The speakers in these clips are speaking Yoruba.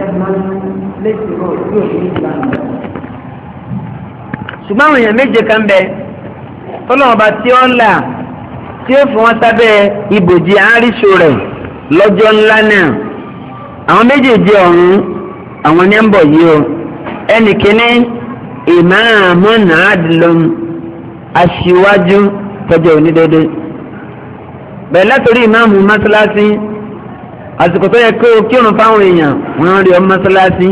ṣùgbọ́n àwọn èèyàn méje kan bẹ tọ́lọ́mọba tí ó ń là tí ó fún wọn sábẹ́ ibòjì àárísù rẹ̀ lọ́jọ́ ńlá náà àwọn méjèèjì ọ̀hún àwọn ní ń bọ̀ yìí o ẹnì kínní ìmáàmù aṣíwájú tọ́jú onídéédé bẹ̀rẹ̀ látòrí ìmáàmù mọ́sálásí àsìkò tó yẹ kó o kírun fáwọn èèyàn wọ́n rí ọmọ mọ́sálásí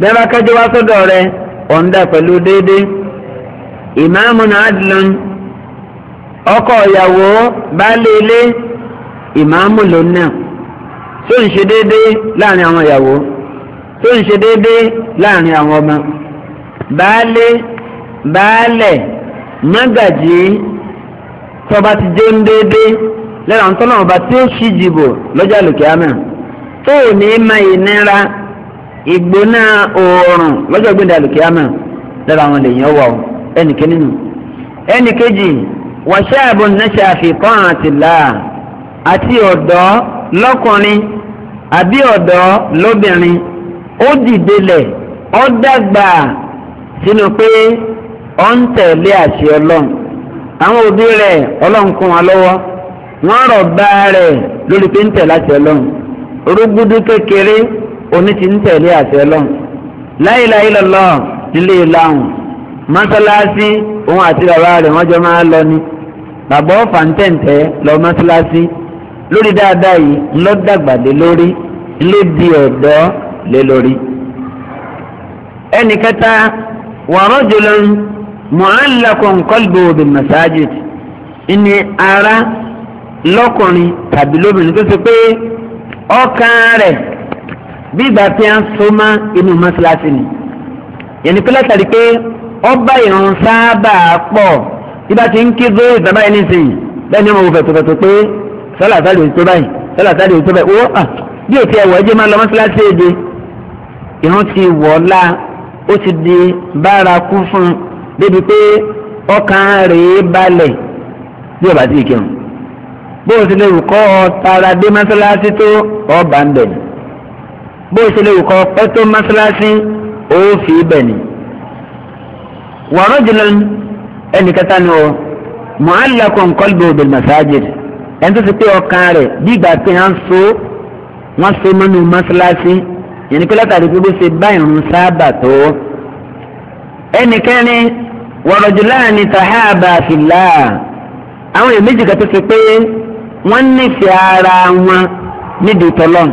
bẹ́ẹ̀ bá kájọ wá sọ́dọ̀ rẹ ọ̀ǹda pẹ̀lú déédéé ìmáàmù náà adìlọ́n ọkọ ìyàwó baálé ilé ìmáàmù lónà tó ń ṣe déédéé láàrin àwọn ìyàwó tó ń ṣe déédéé láàrin àwọn ọmọ baálé baálẹ̀ mágàjì tọba ti jẹun déédéé lẹ́la ń tọ́lọ́wọ́n bá tí ó ṣì jìbò lọ́jà lòkè àmì tó ò ní ma ìnira ìgbóná oòrùn lọ́jọ́ gbẹ̀dẹ̀ lòkè àmì lẹ́la wọn lè yàn wà ó ẹnìkejì nù ẹnìkejì wàṣẹ́ àbò nẹ́ṣẹ́ àfikún àtìlá àti ọ̀dọ́ lọ́kùnrin àbí ọ̀dọ́ lóbìnrin ó dìde lẹ̀ ó dàgbà sínú pé ó ń tẹ̀lé àṣẹ ọlọ́run àwọn òbí rẹ̀ ọlọ́run kún wa lọ́wọ́ wọn rọ bá lórí pé ń tẹ̀lé àṣẹ lọ́n rúgúdú kékeré oní ti ń tẹ̀lé àṣẹ lọ́n láìláì lọ́lọ́ nílé ìlàhùn mọ́sálásí òun àti bàbá jọ máa ń lọ ni bàbá ọ̀fà ń lọ mọ́sálásí lórí dáadáa yìí ńlọ dàgbàdé lórí ńlé di ọ̀dọ́ lé lórí. ẹnì kẹta jùlọ ara lọ́kùnrin tàbí lóbìnrin tó ṣe pé ọkàn rẹ̀ bí ìgbà tí a ń so mọ́ inú mọ́ṣáláṣí ni yẹnni pé látàrí pé ọba ìrun sábà pọ̀ ibà tí ń kí zó ìtàbá yìí nísìnyí bẹ́ẹ̀ ni ọmọ òwò fẹ̀tọ̀fẹ̀tọ̀ pé sọ́là sáré òtó báyìí sọ́là sáré òtó báyìí owó à bí òtí ẹ̀wọ̀ ẹ̀jẹ̀ máa lọ mọ́ṣáláṣí èdè ìrun ti wọ̀ ọ́lá ó ti di bárakú fún un débi pé ọkàn rèé balẹ̀ bí ọba tí ì kírun bó o ṣe lè wù kọ́ ọ tara dé mọ́ṣáláṣí tó ọba ń bẹ̀ ni bó o ṣe lè wù kọ́ pẹ́ tó mọ́ṣáláṣí ó fi bẹ̀ ni. wọ́rọ́ jùlọ ẹnì kẹta ni o mu'allaqun qalbuhu bil masajid ẹni tó ti pé ọkàn rẹ̀ bí ìgbà pé wọ́n so wọ́n so mọ́nú mọ́ṣáláṣí yẹn ni pé látàrí pé bó ṣe bá ìrún sábà tó ẹnì wọ́rọ̀ jùlọ ẹni tàhábà fillah àwọn èèyàn méjì kan tó ti pé wọ́n nífẹ̀ẹ́ ara wọn nídìí tọ́lọ́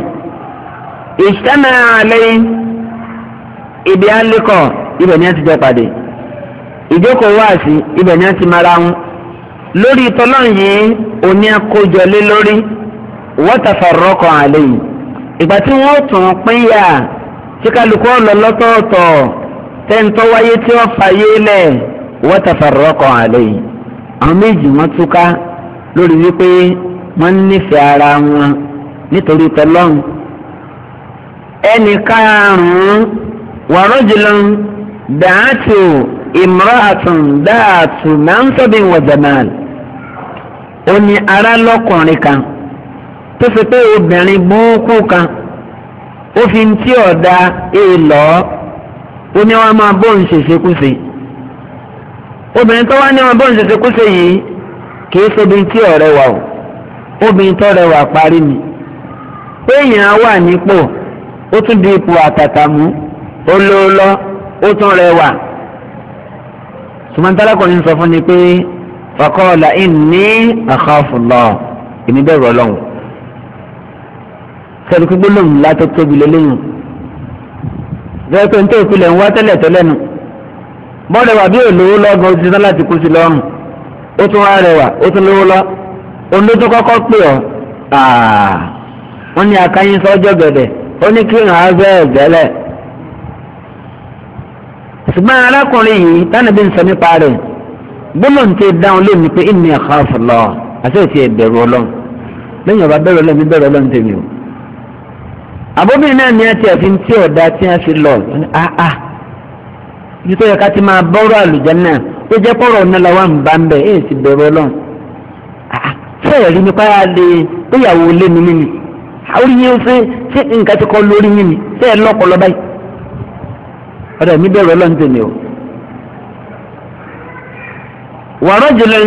ìṣẹ́nà àlẹ́ ibi alẹ́kọ̀ ibẹ̀ ni a ti pàdé ìjókòó wáàsí ibẹ̀ ni a ti mara wọn lórí tọ́lọ́ yìí òní àkójọ lórí wọ́tàfàrọ́kọ̀ àlẹ́ yìí ìgbà tí wọ́n tún pínyà tí kálukú ọ̀lọ́ lọ́tọ̀ọ̀tọ̀ tẹ́ńtọ́ wáyé tí wọ́n fàyè lẹ̀ wọ́tàfàrọ́kọ̀ yìí àwọn méjì wọ́n túká lórí wípé wọ́n nífẹ̀ẹ́ ara wọn nítorí tọlọ́n ẹnì karùn-ún wàrọ́jùlọ́n dàátù imra'atun dàátù mansabin wa jamal ó ní ara lọ́kùnrin kan tó fi pé obìnrin búkú kan ó fi ń tí ọ̀dà èèlọ́ ó ní wọn máa bóun ṣèṣekúṣe obìnrin tó wá ní wọn bóun ṣèṣekúṣe yìí kì í ṣe bí tí ọ̀rẹ́ wà o obìnrin tó rẹwà parí ni péèyàn wà nípò ó tún di ipò àtàkàmú olóòlọ́ ó tún rẹwà sùmọ́ntàlá kò ní sọ fún ni pé faqala inni akhafullah èmi bẹ̀rù ọlọ́run sọ́dọ̀ gbígbó lòun látó tóbi lélẹ́yìn rẹ́pẹ́ nítorí ìpìlẹ̀ ń wá tẹ́lẹ̀ tẹ́lẹ̀ nù bọ́ọ̀lù ẹ̀wà bí òlówó lọ́gàn ti tán láti kú sí lọ́rùn ó tún wá rẹwà ó tún lówó lọ́ọ́ olójú kọ́kọ́ pè ọ́ ah. wọ́n ní akáyín sọ́jọ́ gẹ̀dẹ̀ ó ní kí ìhàn abẹ́ ẹ̀gbẹ́lẹ̀ ṣùgbọ́n arákùnrin yìí tánàbí ń sọ nípa rẹ̀ gbólóhùn ti dáhùn lónìí pé ìmì àkàfù lọ àti òtí ẹ̀bẹ̀rù ọlọ́run lẹ́yìn ọba bẹ̀rù ọlọ́run mi bẹ̀rù ọlọ́run tèmi o àbóbìnrin náà ní ẹtì ẹ̀fín tí ọ̀dà tí a fi lọ àà ah, ah. ibi tó yẹ ká ti máa bọ́rọ̀ àlùjá náà ó jẹ́ pọ̀rọ̀ ọ̀nà làwọn bá ń bẹ̀ èyí sì bẹ̀rù ọlọ́run àà fẹ́ẹ̀rí nípa yà lè gbéyàwó lé mi nínú àwọn yìí ṣe ṣé nǹkan ti kọ́ lórí yín ni fẹ́ẹ̀ lọ́pọlọ báyìí ọ̀dọ̀ mi bẹ̀rù ọlọ́run tèmi o. wàrọ̀ jùlọ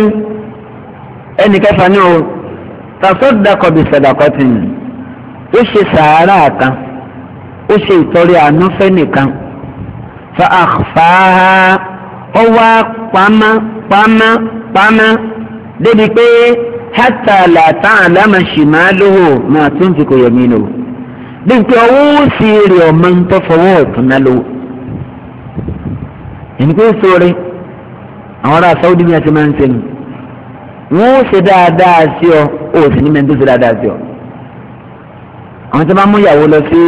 ẹnì kẹfà ni o tasọ́dàkọ̀ bí sọ̀dàkọ̀ tì ní ó ṣe sàárà kan ó ṣe ìtọ́rẹ àánú fẹ́nìkan fa àfàá ọwọ́ pamọ́ pamọ́ pamọ́ débi pé hátà làtà àlámà ṣìmáàlówó máa tún fi kò yẹmí lò bí n pé ọwọ́ sí rí ọmọ ń tọ́ fọwọ́ ọ̀tún náà lò. ẹni pé sóore àwọn ará Saudi ní ẹsẹ máa ń ṣe nù wọn ó ṣe dáadáa sí ọ ó sì ní mẹ́tò ṣe dáadáa sí ọ. àwọn tó bá mú ìyàwó lọ sí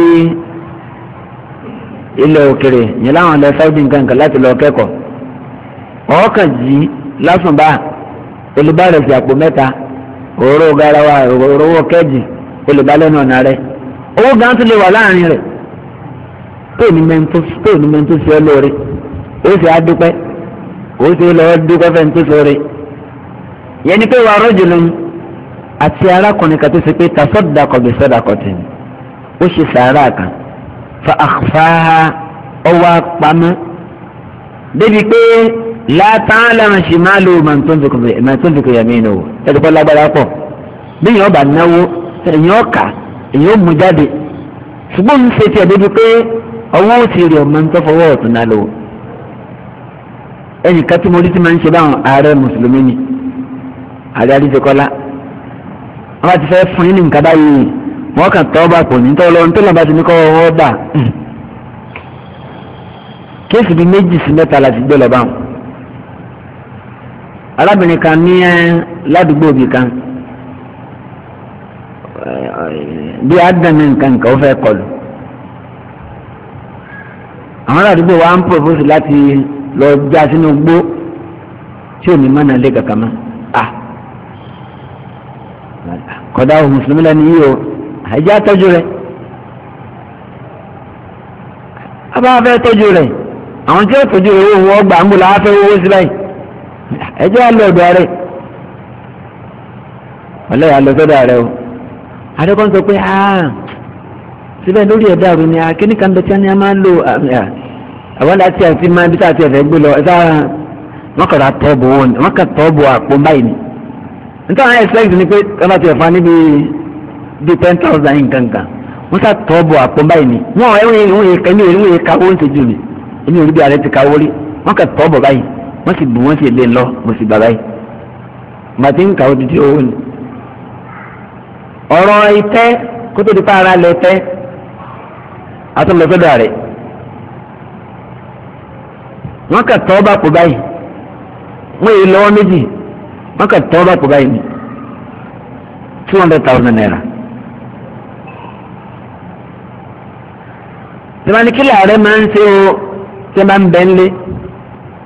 ilẹ̀ òkèrè yẹn láwọn lọ Saudi nǹkan kan láti lọ kẹ́kọ̀ọ́ ọ̀ọ́kàn jí lásùnbà olùbárẹ̀sì àpò mẹ́ta òróró garawa òróró kẹ́jì olùbálẹ́nu ọ̀nà rẹ̀ owó gan tún lè wà láàrin rẹ̀ tó ní mẹ́ntó sí ọ lóore ó sì á dúpẹ́ ó sì lọ́ọ́ dúpẹ́ fẹ́ tó sóore yẹn ni pé wàá rọ́jò lóyún àti arákùnrin kan tó ṣe pé tasọ́dàkọ̀ bí sọ́dàkọ̀ tì ní ó ṣe sàárà kan fa àfáà ọwọ́ apamọ́ débi pé látàlá ṣìmáàlú màtúndùkú yamínú ẹ̀dùkọ́ lágbára pọ̀ bí yẹn ọba náwó ẹ̀yìn ọkà ẹ̀yìn ó mú jáde ṣùgbọ́n ń ṣe tiẹ̀ débi pé ọwọ́ òsì rẹ̀ ọmọ ń tọ́fọwọ́ ọ̀tún náà lò ẹnì kan tí mo rí ti máa ń ṣe báwọn ààrẹ mùsùlùmí ni ààrẹ adíjẹkọ́lá wọn bá ti fẹ́ fún yín ní nǹkan báyìí wọn kàn tọ́ bá pò ní tọ́ lọ́wọ́ nítorí wọn bá ti ní kọ́ ọwọ́ bà kéèsì bíi méjì sí mẹ́ta la gbé lọ báwọn arábìnrin kan ní ẹ eh, ládùúgbò bì kan eh, bí adànà nǹkan nǹkan ó fẹ́ kọlù àwọn àdúgbò wa ń pòfósì láti lọ já sínú gbó tí ò ní mọ́nà lé kankan mọ́ ah kọ́dá o mùsùlùmí lẹ́nu yìí o àìjẹ́ àtọ́jú rẹ̀ abáfẹ́ tọ́jú rẹ̀ àwọn tí ó tọ́jú rẹ̀ wọ́n gbà ń bò láwọn afẹ́ sí báyìí ẹjọ́ àlọ́dọ̀ rẹ̀ ọlẹ́yà àlọ́sọ́dọ̀ rẹ̀ o adékọ́n sọ pé síbẹ̀ lórí ẹ̀dá rẹ̀ ni akíní kan bẹ̀tẹ́ ni a máa ń lo àwọn láti àti máa bí táàtì ẹ̀fẹ̀ gbé lọ ẹ̀ sáà wọ́n kàrà tọ́ọ̀bù wọn wọ́n kà tọ́ọ̀bù àpò báyìí ni nítorí àwọn expect ni pé kọ́lá ti ẹ̀fọ́ níbi bíi ten thousand nǹkan kan wọ́n sà tọ́ọ̀bù àpò báyìí ni wọ́n ẹ̀wọ̀n ẹ̀wọ̀n ẹ̀ka ẹ̀mí ẹ̀wọ̀n ẹ̀ka owó ń ṣe jù mí ẹ̀mí òrùbí ààrẹ ti ka rí wọ́n kà tọ́ọ̀bù báyìí wọ́n sì bù wọ́n sì lé lọ mo sì bàbá yìí màtí ń kà ó di tí owó ni. ọ̀rọ̀ ìtẹ́ kó tó di pa ara lẹ tẹ́ atọ́lọ́sọ́dọ̀ rẹ̀ wọ́n kà tọ́ bá pò báyìí wọ́n èyí lọ́wọ́ méjì wọ́n kà tọ́ bá pò báyìí ni two hundred thousand naira. tẹ́wọ́n ní kí làárẹ̀ máa ń ṣe o tẹ́ bá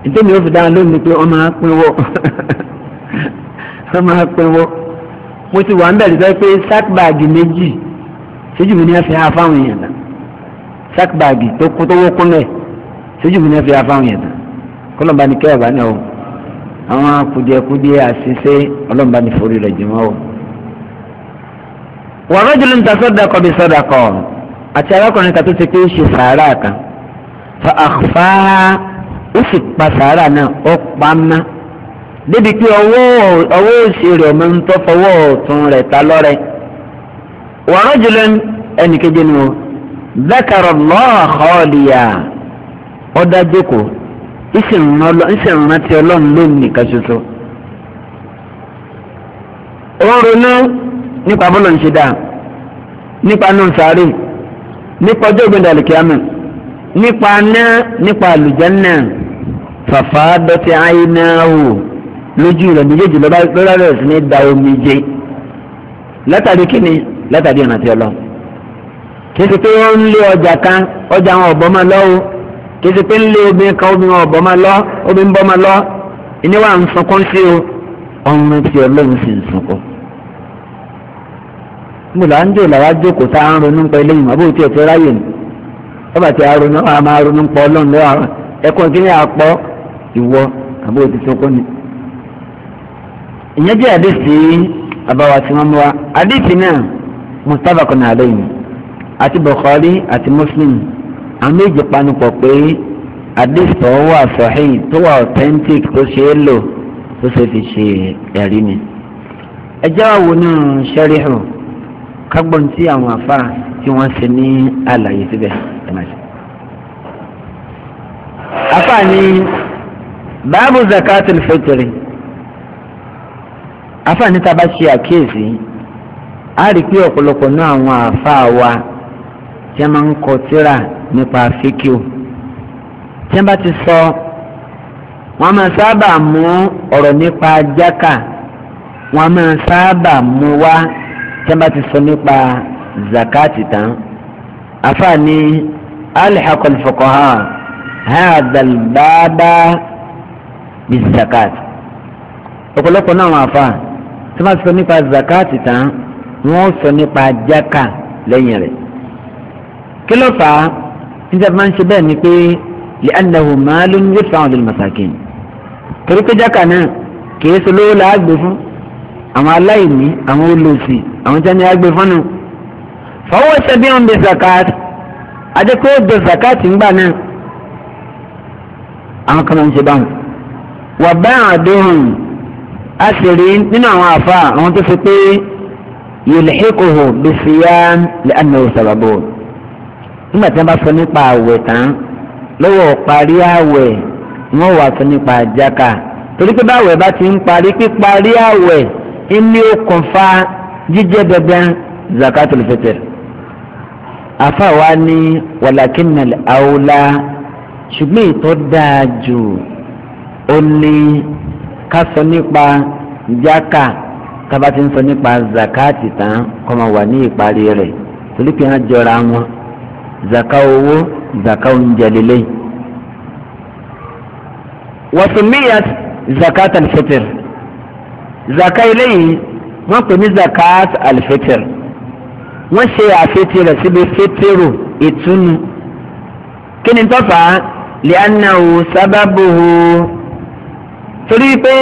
ìtẹ́mi ó fi dára lónìí pé ọmọ apínwọ́ ọmọ apínwọ́ mo ti wà ń bẹ̀rẹ̀ sọ pé sákbáàgì méjì ṣéjú mi ní ẹ fi ha fáwọn èèyàn náà sákbáàgì tó kó tó wó kúnlẹ̀ ṣéjú mi ní ẹ fi ha fáwọn èèyàn náà kọlọ́mbà ní kẹ́ẹ̀bá ní ọ̀hún àwọn kùdìẹ̀kùdìẹ̀ àṣìṣe ọlọ́mbà ní forí rẹ̀ jùmọ̀ ọ̀hún. wà rọ́jòló ń ta sọ́dà kọ́ bí sọ́dà kọ́ àti arákùnrin kan tó ti pé ṣe sàárà kan fa àfáà ó sì pa sàárà náà ó pa má débi pé ọwọ́ òsì rẹ̀ ọmọ ń tọ́ fọwọ́ ọ̀tún rẹ̀ ta lọ́rẹ̀ wa rajulan ẹnìkejì ni wọn zakara Allah khaliya ọ̀dà jókòó ìsìnrántí ọlọ́run lónìí nìkan ṣoṣo ó ń ronú nípa bọ́lọ̀ ń ṣe dáa nípa náà sáré nípa ọjọ́ ìgbẹ́ndàlẹ̀ kíámẹ́ nípa náà nípa àlùjánnà fàfà dọ́tí àyínáwó lójú rẹ̀ méjèèjì lọ́la rẹ̀ sí ní da omi jẹ látàrí kíni látàrí ọ̀nà tí ọ lọ. kìí ṣe pé wọ́n ń lé ọjà kan ọjà àwọn ọ̀bọ máa lọ́wọ́ kìí ṣe pé ń lé omi kan omi wọn ọ̀bọ máa lọ́ omi ń bọ́ máa lọ́ ìní wà ń sunkún sí o ọ̀run tí ọlọ́run sì ń sunkún. mo là ń jò làwa jókòó tá a ń ronú pẹ́ lẹ́yìn àbúrò tí ẹ̀ ti ráyè ni ọba tí a ronú a máa ronú pọ̀ ọlọ́run lọ́wọ́ ẹ̀kọ́ kí ni àpọ̀ ìwọ àbúrò ti sọ kọ́ ni. ìyẹn jẹ́ àdìsí àbáwá tí wọ́n mú wa àdìsí náà muttafaqun alayhi àti Bukhari àti Muslim àwọn méjì panupọ̀ pé àdìsí tó wà sahih tó wà authentic tó ṣe é lò tó ṣe fi ṣe ẹ̀rí ni. ẹ jẹ́ wá wo náà ṣẹ́ríhù kágbọ́n tí àwọn àfa tí wọ́n ṣe ní àlàyé síbẹ̀ ẹ̀ ni báàbù zakatul fitri àfààní tá a bá ṣe àkíyèsí a rí pé ọ̀pọ̀lọpọ̀ náà àwọn àáfàá wa tí a máa ń kọ tírà nípa fíkíù tí a bá ti sọ wọ́n máa sábà mú ọ̀rọ̀ nípa jákà wọ́n máa sábà mú wá tí a bá ti sọ nípa zakati tán àfààní alihakul fuqaha hadal baba bíi zakat ọ̀pọ̀lọpọ̀ náà wọn àfa tí wọ́n sọ nípa zakat tán wọ́n sọ nípa jaka lẹ́yìn rẹ̀ kí ló fà á níta máa ń ṣe bẹ́ẹ̀ ni pé lè anahu màálùú ní fáwọn ọ̀dọ́lù masakin torí pé jaka náà kìí ṣe lówó la fún àwọn aláìní àwọn olòṣì àwọn tí wọ́n fún nù fọwọ́ ṣẹbi ọ̀n bẹ zakat adé pé zakat ńgbà náà àwọn kan máa ń ṣe báwọn wà báyà dùn a sì rí nínú àwọn àfa àwọn tó fi pé yòlẹ́hìkòhò bìsíyá lẹ́nu sàbàbò nígbà tí wọ́n bá sọ nípa àwẹ̀ tán lọ́wọ́ parí àwẹ̀ wọ́n wà sọ nípa àjàkà torí pé báwẹ̀ bá ti ń parí píparí àwẹ̀ ní okùnfà jíjẹ́ dandan zakatul fitr afa wa ni walakinnal awla ṣùgbọ́n ìtọ́ dáa jù ó ní ká sọ nípa jáka tába ti ń sọ nípa zakati tán kọ́ máa wà ní ìparí rẹ̀ torí pé wọ́n jọra wọn zaka owó zaka oúnjẹ lélẹ̀. wàsùnmíyàt zakat alfitr zaka eléyìí wọ́n pè ní zakat alfitr wọ́n ṣe àfitì rẹ̀ síbi fitiru ìtúnu kí ni tọ́fà li'annahu sábàbùhù torí pé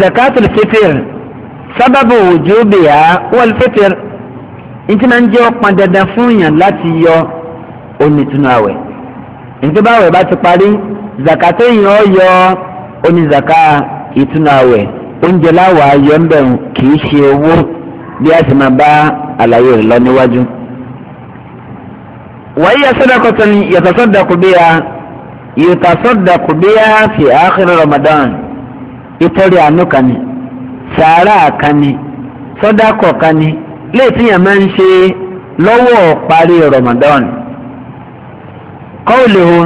zakatul fitir sábàbù wujubiha wal fitr ntí máa ń jẹ́ ọ̀pọ̀ dandan fún yàn láti yọ onítùnú àwẹ̀ ntí báwẹ̀ bá ti parí zakate yìí ó yọ onízaka ìtùnú àwẹ̀ oúnjẹ láwàá yọ ńbẹ̀ kì í ṣe owó bí a sì máa bá àlàyé rẹ̀ lọ níwájú. wàyí sọ́dọ̀kọ̀tàn yàtọ̀ sọ́dọ̀kù bí fi àkhir Ramadan ìtọ́rí àánú kan ni sàárà kan ni sọ́dákọ̀ kan ni léèfìyàn máa ń ṣe lọ́wọ́ parí Ramadan kọ́ọ̀lì o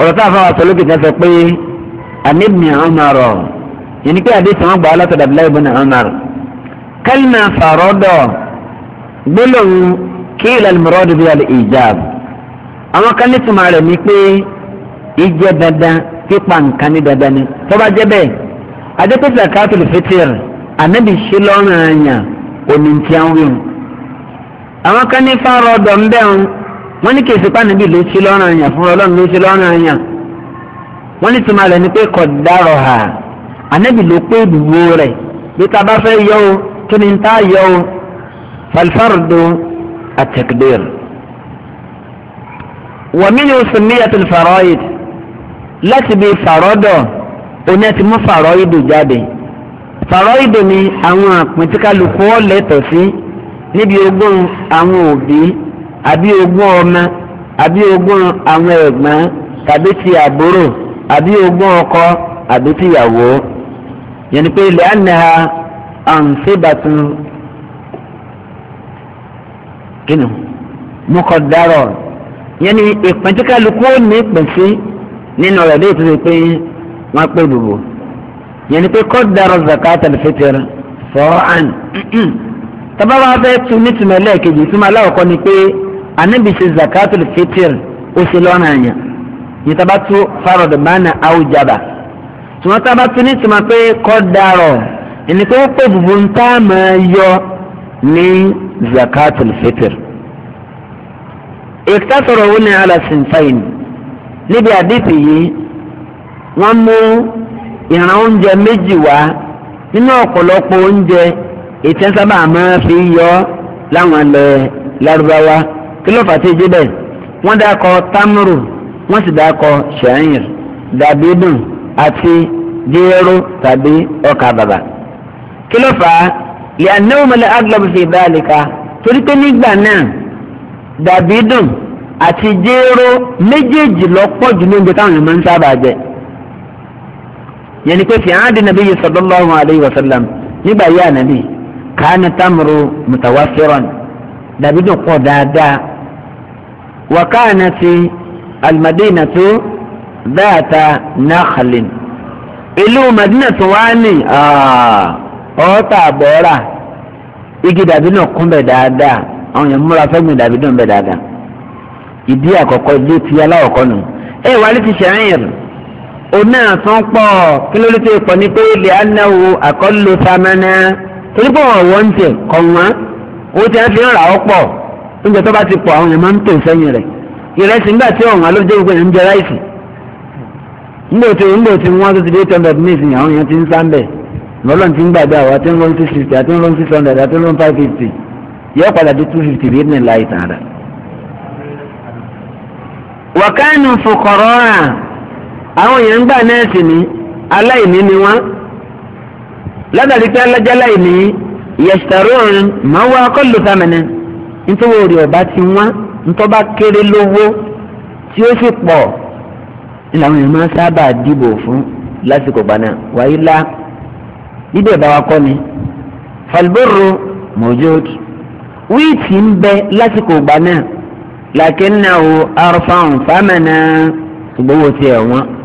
ọ̀rọ̀ tá a fáwọn àtọ́lókè kan sọ pé anibni Umar yìí ni pé àdéhùn wọn gbà á látọ̀dọ̀ Abdullahi ibn Umar kálínà fàrọ́dọ̀ gbólóhùn kíìlà mìíràn bí alẹ́ ìjàb àwọn kan nítumọ̀ rẹ̀ ni pé ìjẹ́ dandan pípa nǹkan ní dandan ni tó jẹ́ bẹ́ẹ̀ adékòtì zakatul fitr anabi ṣe lọ́rùn àyàn òní tí a ń wí. àwọn kan ní fáwọn ọdọ ń bẹ̀ wọn wọ́n ní kí èsì pàǹdàbí ló ṣe lọ́rùn àyàn fún ọlọ́run ló ṣe lọ́rùn àyàn wọ́n ní tìmọ̀ rẹ̀ ni pé kò dárọ̀ hà anabi ló pé ìdúró rẹ̀ bí ta bá fẹ́ yọ o kí ni ta yọ o falfardo atakdir. wàmí yóò sùn níyàtò fàrọ́yìd láti bí oní ẹtì mú fàrọ̀ ìdò jáde fàrọ̀ ìdò ni àwọn àpín tí kálukú ọ̀lẹ́tọ̀ sí níbi ogún àwọn òbí àbí ogún ọmọ àbí ogún àwọn ẹ̀gbọ́n tàbí ti àbúrò àbí ogún ọkọ àbí ti ìyàwó yẹn ni pé ilẹ̀ ànáha ànsíbàtún kínú mọ́kọ̀dárọ̀ yẹn ni ìpín tí kálukú ó ní nínú rẹ̀ léètò pé wọ́n pè bùbù yẹn ni pé kọ́dàrọ̀ zakat alfitr fọ́ọ̀án tọ́ba wa fẹ́ tu nítumọ̀ ẹlẹ́ẹ̀kejì ìtumọ̀ aláwọ̀kọ́ ni pé anabi ṣe zakat alfitr ó ṣe lọ́nà àyàn yìí tọ́ba tu farod mana awujaba tùmọ̀ tọ́ba tu nítumọ̀ pé kọ́dàrọ̀ ẹni pé ó pè bùbù ń tá máa yọ ní zakat alfitr ìtàsọ̀rọ̀ wọn ni alasinfain níbi àdìpì yìí. wọ́n mú ìran oúnjẹ méjì wá nínú ọ̀pọ̀lọpọ̀ oúnjẹ ètí ẹ̀ sábà máa fi yọ láwọn ilẹ̀ Lárúbáwá kí ló fà ti wọ́n dákọ tamuru wọ́n sì dákọ ṣẹ̀yìn dàbídùn àti jéró tàbí ọkà bàbà kí ló fà á mẹ́lẹ̀ aglọ́bù fi torí pé nígbà náà àti méjèèjì lọ pọ̀ jù ní táwọn èèyàn máa ń sábà yẹn ni pé fi hàn dín nàbí sallallahu alayhi wa sallam nígbà yá nàbí kàánì tamuru mutawafiran dàbí dùn pọ̀ dáadáa wà kàánì ti alimadina tó dáàtà nàkàlìn ìlú madina tó wá ní ọ̀ọ́ta àbọ̀ọ́ra igi dàbí náà kún bẹ̀ dáadáa àwọn yẹn múra fẹ́gbìn dàbí dùn bẹ̀ dáadáa ìdí àkọ́kọ́ ìdí ti aláwọ̀kọ́ nù ẹ̀ wálé ti ṣe àyẹ̀rù òun náà tán pọ̀ kí ló ló ti pọ̀ ní pé ilẹ̀ anáwó àkọlù samẹ́nà torí pé wọ́n wọ́n ń tẹ̀ kọ̀ wọ́n owó tí wọ́n fi ń rà ọ́ pọ̀ oúnjẹ tó bá ti pọ̀ àwọn èèyàn máa ń tò sẹ́yìn rẹ̀ ìrẹsì ńgbà tí ọ̀hún alójó gbogbo ẹ̀ ń jẹ ráìsì ńgbò tí ńgbò tí wọ́n ti dé ten hundred mils ni àwọn èèyàn ti ń sáńbẹ̀ lọ́lọ́n ti ń gbàgbé àwọn àti ńlọ́n six fifty àti ńlọ́n six hundred àti ńlọ́n five fifty yọ padà dé two fifty bí ẹ̀dínlẹ̀ láì tàn rà. wàkánù fòkòrò hàn àwọn èèyàn ń gbà náà sì ní aláìní ni wọ́n látàrí pé alájà aláìní yẹ̀sítàrún máa wá kọ́lù sàmìnà nítorí orí ọ̀bá ti wọ́n ntọ́ba kéré lówó tí ó sì pọ̀ làwọn èèyàn máa sábà dìbò fún lásìkò gbaná wáyé lá bíbẹ̀ bá wa kọ́ ni falboro mojod wíìtì ń bẹ lásìkò gbaná làkínnáwó arfáwọn fámẹ́nà gbowó tiẹ̀ wọ́n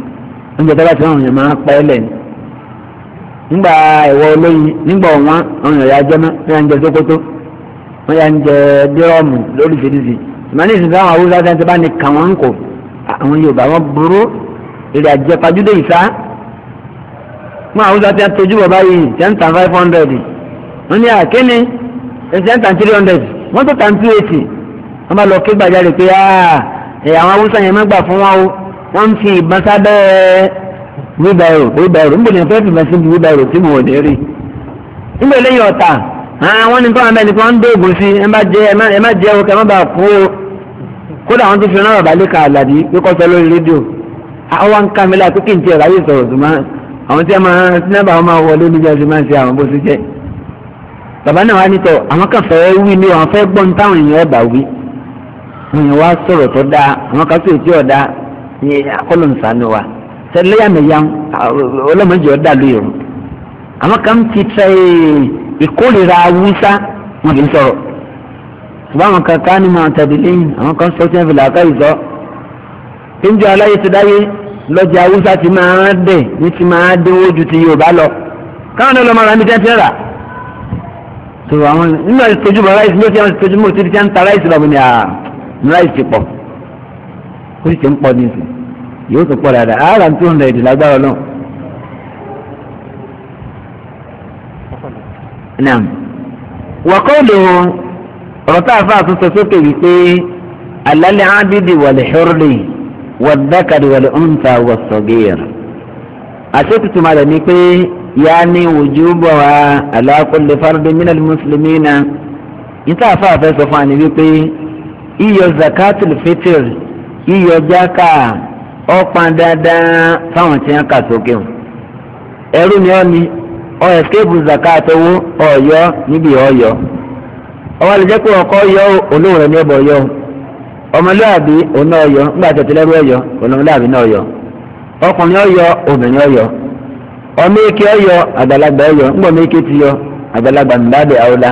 oúnjẹ tó bá ti àwọn èèyàn máa pa ẹ́ lẹ̀ nígbà ẹ̀wọ́ olóyin nígbà ọ̀wọ́n àwọn èèyàn ya jẹ́ mọ́ wọ́n ya ń jẹ sókótó wọ́n ya ń jẹ dírọ́ọ̀mù lóríṣiríṣi ìmọ̀lẹ́ ìsìn sáwọn haúsá tí wọ́n bá ní kà wọ́n ń kò àwọn yorùbá wọn burú èrè àjẹpajúdé ìsá fún haúsá tí wọ́n tojú bọ̀ báyìí ten tan five hundred wọ́n ní àkíní ten tan three hundred wọ́n tó tan two eighty wọ́n bá lọ kí gbàjarè pé àwọn haúsá yẹn má gbà fún wọn o. wọ́n ń fi ìbọn sábẹ́ wíbẹ̀rù wíbẹ̀rù ń bèèrè fẹ́ẹ́ fìbọn síbi wíbẹ̀rù tí mo ò lè rí ọ̀tà bẹ́ẹ̀ ni wọ́n ń sí ẹ má jẹ́ ẹ má bàa kú o kódà fi bàbá léka àlàdí kíkọ́ sọ lórí rédíò àwọn n tiẹ̀ ráyè sọ̀rọ̀ tó àwọn tí a máa tí náà bá wọn máa wọlé níjà sí máa ń ṣe àwọn bó ṣe jẹ́ bàbá náà wá nítọ̀ àwọn kan wí akọ́lọ̀ nsàánú wa sẹ́lẹ̀yàmẹ̀yà ọlọ́mọdé ọ̀dà lóyè o àwọn kan ti tẹ ìkórira awúsá wọn kì í sọ̀rọ̀ ṣùgbọ́n àwọn kan káni máa tẹ̀lé lẹ́yìn àwọn kan sọ sí ẹ̀fìlà àká ìsọ péńjọ aláyé ti dáyé lọ́jà awúsá ti máa dẹ̀ ní ti de dínwó ju ti Yorùbá lọ káwọn náà lọ́mọ ara mi jẹ́ tẹ́ra tó àwọn nínú ìtọ́jú bọ̀ ráìsì ló ti àwọn ìtọ́jú mọ̀ títí tí wọ́n ń ta ráìsì lọ́mọ ni à ráìsì pọ̀ oríṣi ń pọ̀ nísìn yóò tún pọ̀ dáadáa ara two hundred lágbára náà. naam wakọ́ọ̀lù ọ̀rọ̀ tá a fà tún sọ sókè wípé alálẹ̀ ábídì wàlẹ̀ ṣọ́rọ̀lì wàdákàdì wàlẹ̀ ọ̀ǹtà wàsọ̀gẹ́yẹ̀rọ. àṣẹ yaani wujubu wa ala kulli fardin minal muslimina yìí tá a fà ni wípé iyọ̀ zakatul fitr yíyọ ka ọ̀pọ̀n dáadáa fáwọn tí wọ́n kà sókè o ẹrú ni ọ ni ọ ẹ̀skẹ́pù zakat owó ọ̀yọ́ níbi ọ̀yọ́ ọwọ́ lè jẹ́ pé ọkọ yọ olóhùn rẹ̀ ní ẹ̀bọ̀ yọ ọmọlúwàbí òun náà nígbà náà yọ ọkùnrin ọ̀yọ́ obìnrin ọmọ àgbàlagbà ọmọ ti yọ àgbàlagbà ńbàdẹ̀ àwòlá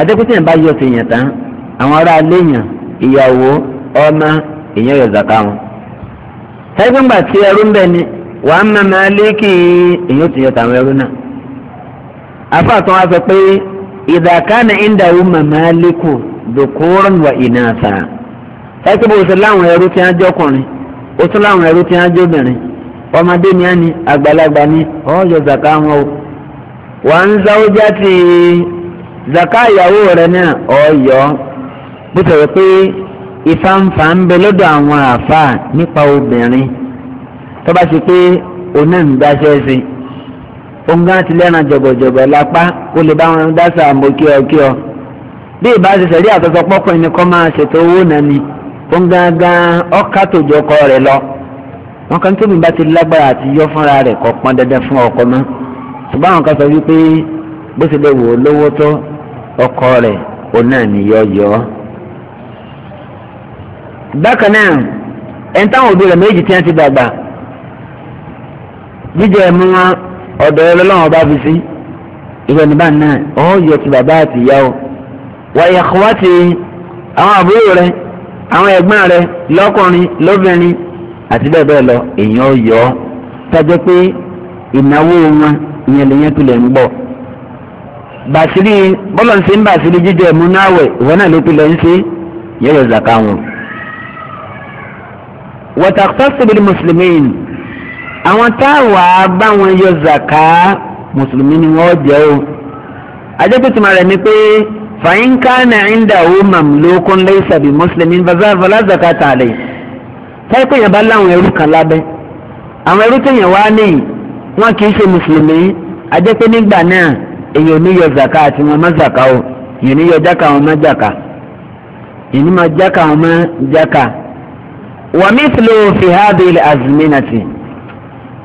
adékúté yẹn bá yọ ti yàn tán àwọn ará aléyàn ìyàwó ọmọ èèyàn yọ zaka wọn. sẹ́gbẹ́ ńgbà tí ẹrú ń bẹ ni wàá mọ màálíkì èèyàn ti yọ tàwọn ẹrú náà. afáàtàn wa sọ pé ìdàkánà ìdàwó màálíkù dòkúrò wà ìnáàsà. sẹ́gbẹ́ bó ṣe láwọn ẹrú tí wọ́n jọkùnrin ó tún láwọn ẹrú tí wọ́n jọbìnrin ọmọdé ni á ní àgbàlagbà ni ọ̀ yọ zaka wọn o. wà ń záwó já ti zaka ìyàwó rẹ náà ọ̀ọ́yọ́ bó ṣe wí pé ìfàǹfà ń bẹ lọ́dọ̀ àwọn àfa nípa obìnrin tó bá ṣe pé oná ń dáṣẹ́ sí onga ti lẹ́ran jọ̀gọ̀jọ̀gọ̀ lápá ó lè bá wọn dáṣà àmọ́ kí ọ kí ọ bí ìbá ṣe sẹ̀rí àtọ́sọ pọ́kùnrin ni kọ́ máa ṣètò owó náà ni ongangan ọkà tòjú ọkọ rẹ lọ wọn kan tóbi bá ti lágbára àti yọ fúnra rẹ kọ pọn dandan fún ọkọ mọ ṣùgbọ́n àwọn kan sọ wípé bó ṣe lè wò ó lówó tó ọkọ rẹ̀ ọ̀nà níyọ̀yọ̀. bákan náà ẹni táwọn òbí rẹ méjì tí wọ́n ti dàgbà jíjẹ ẹ̀mú wọn ọ̀dọ̀ ẹ bá fi sí ìwé ní báyìí náà ọ̀ọ́yọ̀ ti bàbá àti ìyá o wàyà kọ́wá ti àwọn àbúrò rẹ àwọn ẹ̀gbọ́n lọ́kùnrin lóbìnrin àti bẹ́ẹ̀ bẹ́ẹ̀ lọ èèyàn ọ̀yọ́ pé ìnáwó wọn ìyẹn bàṣírí bọ́lọ̀ ń ṣe ń bàṣírí jíjẹ ẹ̀mú náà wẹ̀ ìwọ náà ló pilẹ̀ ń ṣe yẹ̀rọ zaka wọn. wọ́tàkùtàṣìbìrì mùsùlùmí àwọn táwa bá wọn yọ zaka mùsùlùmí ni wọ́n jẹ́ o. ajẹ́pẹ̀tìmọ̀ rẹ̀ ni pé fàyín kánà ń dà ó mamlókun laysa bi mùsùlùmí fala zakata alayhi. táìpẹ́ yẹn bá láwọn ẹrú kan lábẹ́ àwọn ẹrú tó yẹn wá ní wọn kì í ṣe mùsùlùmí ajẹ́pẹ́ nígbà náà èyí oníyọ zaka àti wọn má zaka o èyí oníyọ jaka wọn má jaka èyí ni ma jaka wọn má jaka wà mísìlò fi hadhihi al-azminati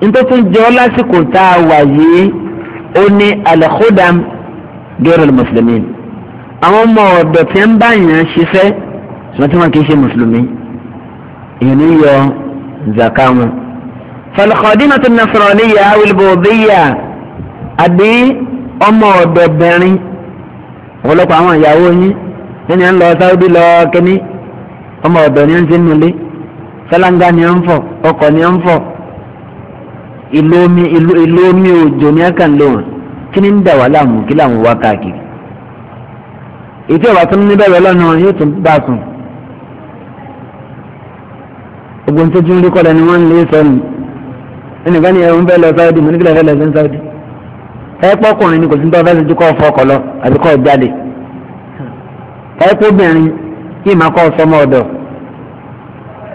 ntutu jọ lásìkò tá a wà yìí ó ní al-khudam gẹ́rọ̀ mùsùlùmí àwọn ọmọ ọ̀dọ̀ tí ń bá yàn ṣiṣẹ́ ṣùgbọ́n tí wọ́n ṣe mùsùlùmí èyí oníyọ zaka wọn. فالخادمة النصرانية أو البوذية أبي ọmọ ọ̀dọ̀bìnrin ọ̀pọ̀lọpọ̀ àwọn ìyàwó yín ẹni à ń lọ sáwọ́dí lọ kẹ́ni ọmọ ọ̀dọ̀ ni ó ń ti nulẹ̀ sálángá ni ó ń fọ̀ ọkọ̀ ni ó ń fọ̀ ìlú omi ìlú omi òjò ni a kàn lò wọn kí ni ń dà wá láàmú kí làwọn wá káàkiri ètò ìwà tó ń ní bẹ̀rẹ̀ lọ́nà yóò tún bá sùn ogun tó tún rí kọ́lẹ̀ ni wọ́n ń lé sọ́nù ẹnìkan ni ẹ̀rọ ń fẹ́ lọ sáwọ́dí mo ní kí lè fẹ́ lọ sí sáwọ́dí ẹ pọ ọkùnrin ni kò sí tọ́wọ́ fẹ́ẹ́ sojú kọ́ fọ ọkọ̀ lọ àbí kọ́ jáde ẹ pọ obìnrin yìí máa kọ́ sọmọ ọ̀dọ̀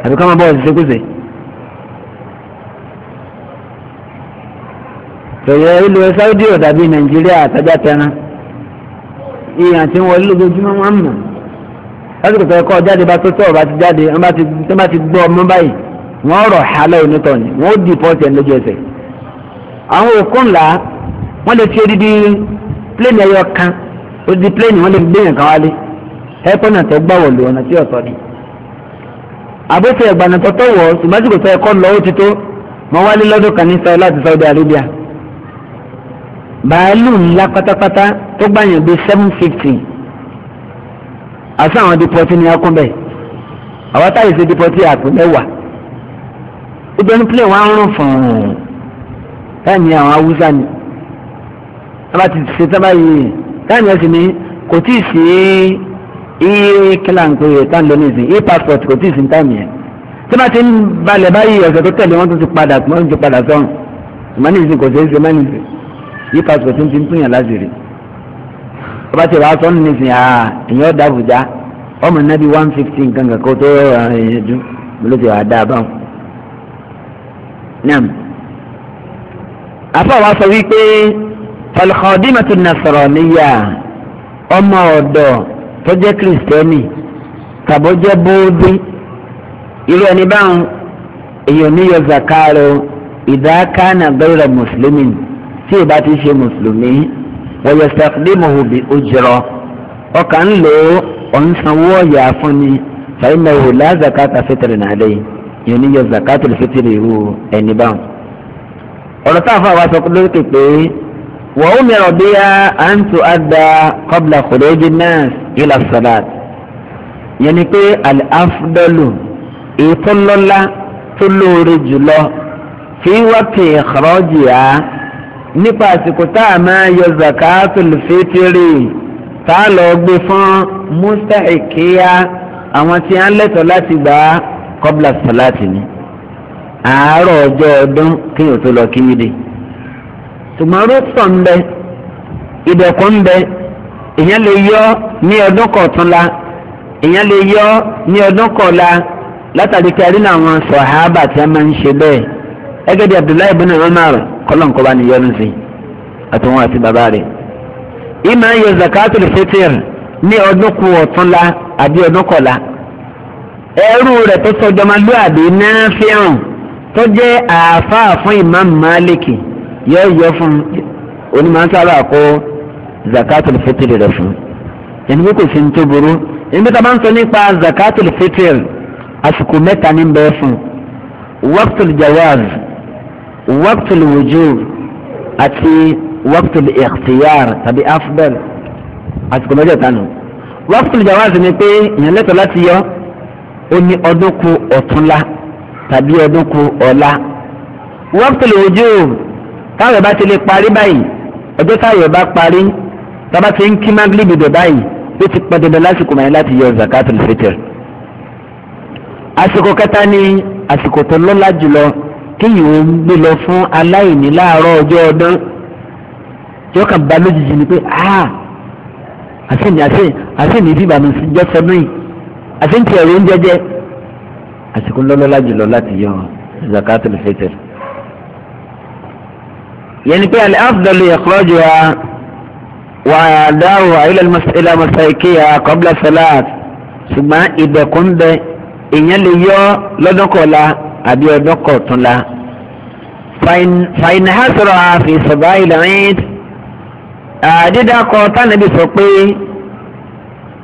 àbí kọ́ máa bọ̀ ọ̀sẹ̀ kùsẹ̀. tòyẹ ìlú Saudi ò dàbí Nàìjíríà àtàjà tẹran ìyàn tí wọn lójoojúmọ́ wọn mọ̀ lásìkò tó yẹ kọ́ jáde bá tó tọ́ ọ̀bá ti jáde tó bá ti gbọ́ ọmọ báyìí wọ́n rọ̀ hálẹ̀ onítọ̀ ni wọ́n dìpọ́tì ẹ̀ lójú ẹsẹ̀ àwọn òkú ńlá wọ́n lè fi odidi pléènì ẹyọ kan odidi pléènì wọ́n lè gbé yàn kan wálé ẹ̀kọ́ náà tó gbàwọ̀ lò ọ̀nà tí ọ̀tọ̀ ni. àbótí ẹ̀gbàna tó tó wọ̀ ṣùgbọ́n tí kò sọ ẹ̀kọ́ lọ ó ti tó mọ wálé lọ́dún kan ní sọ láti Saudi Arabia. bàálù ńlá pátápátá tó gbàyàn bíi seven fifty àti àwọn dipọ́tì ní akúnbẹ̀ àwọn táyì ṣe dipọ́tì àpò mẹ́wàá. ìgbẹ́ni pléènì wọn á rún fún un táyì ní àwọn Haúsá ni àbá ti ṣe tábà yìí táyà sì ni kò tí ì sí iye kílàǹpé tá n lọ nísìn iye passport kò tí ì sí táyà yẹn tí wọ́n ti ń balẹ̀ báyìí ọ̀sẹ̀ tó tẹ̀lé wọn tó ti padà wọ́n ti padà sọ́n ìmọ̀ nísìn kò ṣeé ṣe mọ́ nísìn iye passport ti ń pín yàn láti rí ọba tí wàá sọ́n nísìn àà èèyàn ọ̀dà àbújá ọmọ náà bí one fifteen nǹkan kan kó tó ẹ̀yìn dùn ló ti wàá dáa falkhadimatu nasraniya ọmọ ọ̀dọ̀ tó jẹ́ kristẹni tàbó jẹ́ bóódì irú ẹni báwọn èèyàn níyọ zakaro ìdákànnà gbẹ́rẹ̀ mùsùlùmí tí ìbá ti ṣe mùsùlùmí wọ́n yẹ sẹ́kìdìmọ̀hù bí ó jẹrọ ọkà ń lò ó ọ̀nsanwó ọ̀yà fún ni fàyínàwó làzàkàtà fìtìrì nàlẹ́ yìí níyọ zakatò fìtìrì irú ẹni báwọn. ọ̀rọ̀ táwọn afọ àwọn sọ pé wà ó mìíràn bí a à ń tu àdá kọ́bla kòrèjì náà ilà sọ̀lát yẹn ni pé àlàáfúdọ́lù ìtọ́lọ́lá tó lóore jùlọ fi wákè ìkọ̀rọ̀jì á nípa àsìkò tá a máa yọ zakatul fitiri tá a lọ gbé fún mustahikiya àwọn tí a ń lẹ́tọ̀ọ́ láti gbà á kọ́bla sọ̀lát ni àárọ̀ ọjọ́ ọdún kí o tó lọ kí mi dé. ṣùgbọ́n rúkṣọ̀ ń bẹ ìdẹ̀kùn ń bẹ èèyàn lè yọ ní ọdún kọ̀ọ̀túnla èèyàn lè yọ ní ọdún kọ̀ọ̀la látàrí kí àwọn sọ̀hábà tí a máa ń ṣe bẹ́ẹ̀ ẹgẹ́ bí Abdullahi ibn Umar kọ́lọ́nkọ́ba ni yọnu sí àtúnwọ̀n àti bàbá rẹ̀ ìmọ̀ ayọ̀ zakatul fitr ní ọdún Imam Maliki yẹ yọ fún onímọ̀ sábà kó zakatul fitiri rẹ fún ẹni bí kò sí ní tó burú níbi tá a bá ń sọ nípa zakatul fitiri àsìkò mẹ́ta ní bẹ́ẹ̀ fún waqtul jawaz waqtul wujub àti waqtul ikhtiyar tàbí afdal àsìkò mẹ́tẹ̀ẹ̀ta nù waqtul jawaz ni pé ìyẹn lẹ́tọ̀ọ́ láti yọ ó ní ọdún kù ọ̀túnla tàbí ọdún kù ọ̀la waqtul wujub táyọ̀ bá ti lè parí báyìí ọjọ́ táyọ̀ bá parí tábà ti ń kí magrib dè báyìí ó ti pọn dandan lásìkò mọ̀ láti yọ zakatul fitr. àsìkò kẹta ni àsìkò tó lọ́lá jùlọ kéèyàn ó gbé lọ fún aláìní láàárọ̀ ọjọ́ ọdún yóò kàn bá lójijì ni pé ah àsìní àsìní àsìní ìdí ìbànú sí jọ́sọ náà àsìní tiẹ̀ ló ń jẹ́jẹ́ àsìkò lọ́lọ́lá jùlọ láti yọ zakatul fitr yẹn ni pé alẹ́ afdalu ìkọ́jú wa wà á dáhùn àyílẹ̀ ilẹ̀ mọ̀sáìkì ya kọ́bílà salat ṣùgbọ́n ìdẹ̀kùn bẹ ìyẹn lè yọ lọ́dún kọ̀ọ̀la àbí ọdún kọ̀ọ̀túnla. fàyìn hasọ̀rọ̀ àfi sọ̀bá ilẹ̀ ẹ̀ẹ́d àdídàkọ tánàbí sọ pé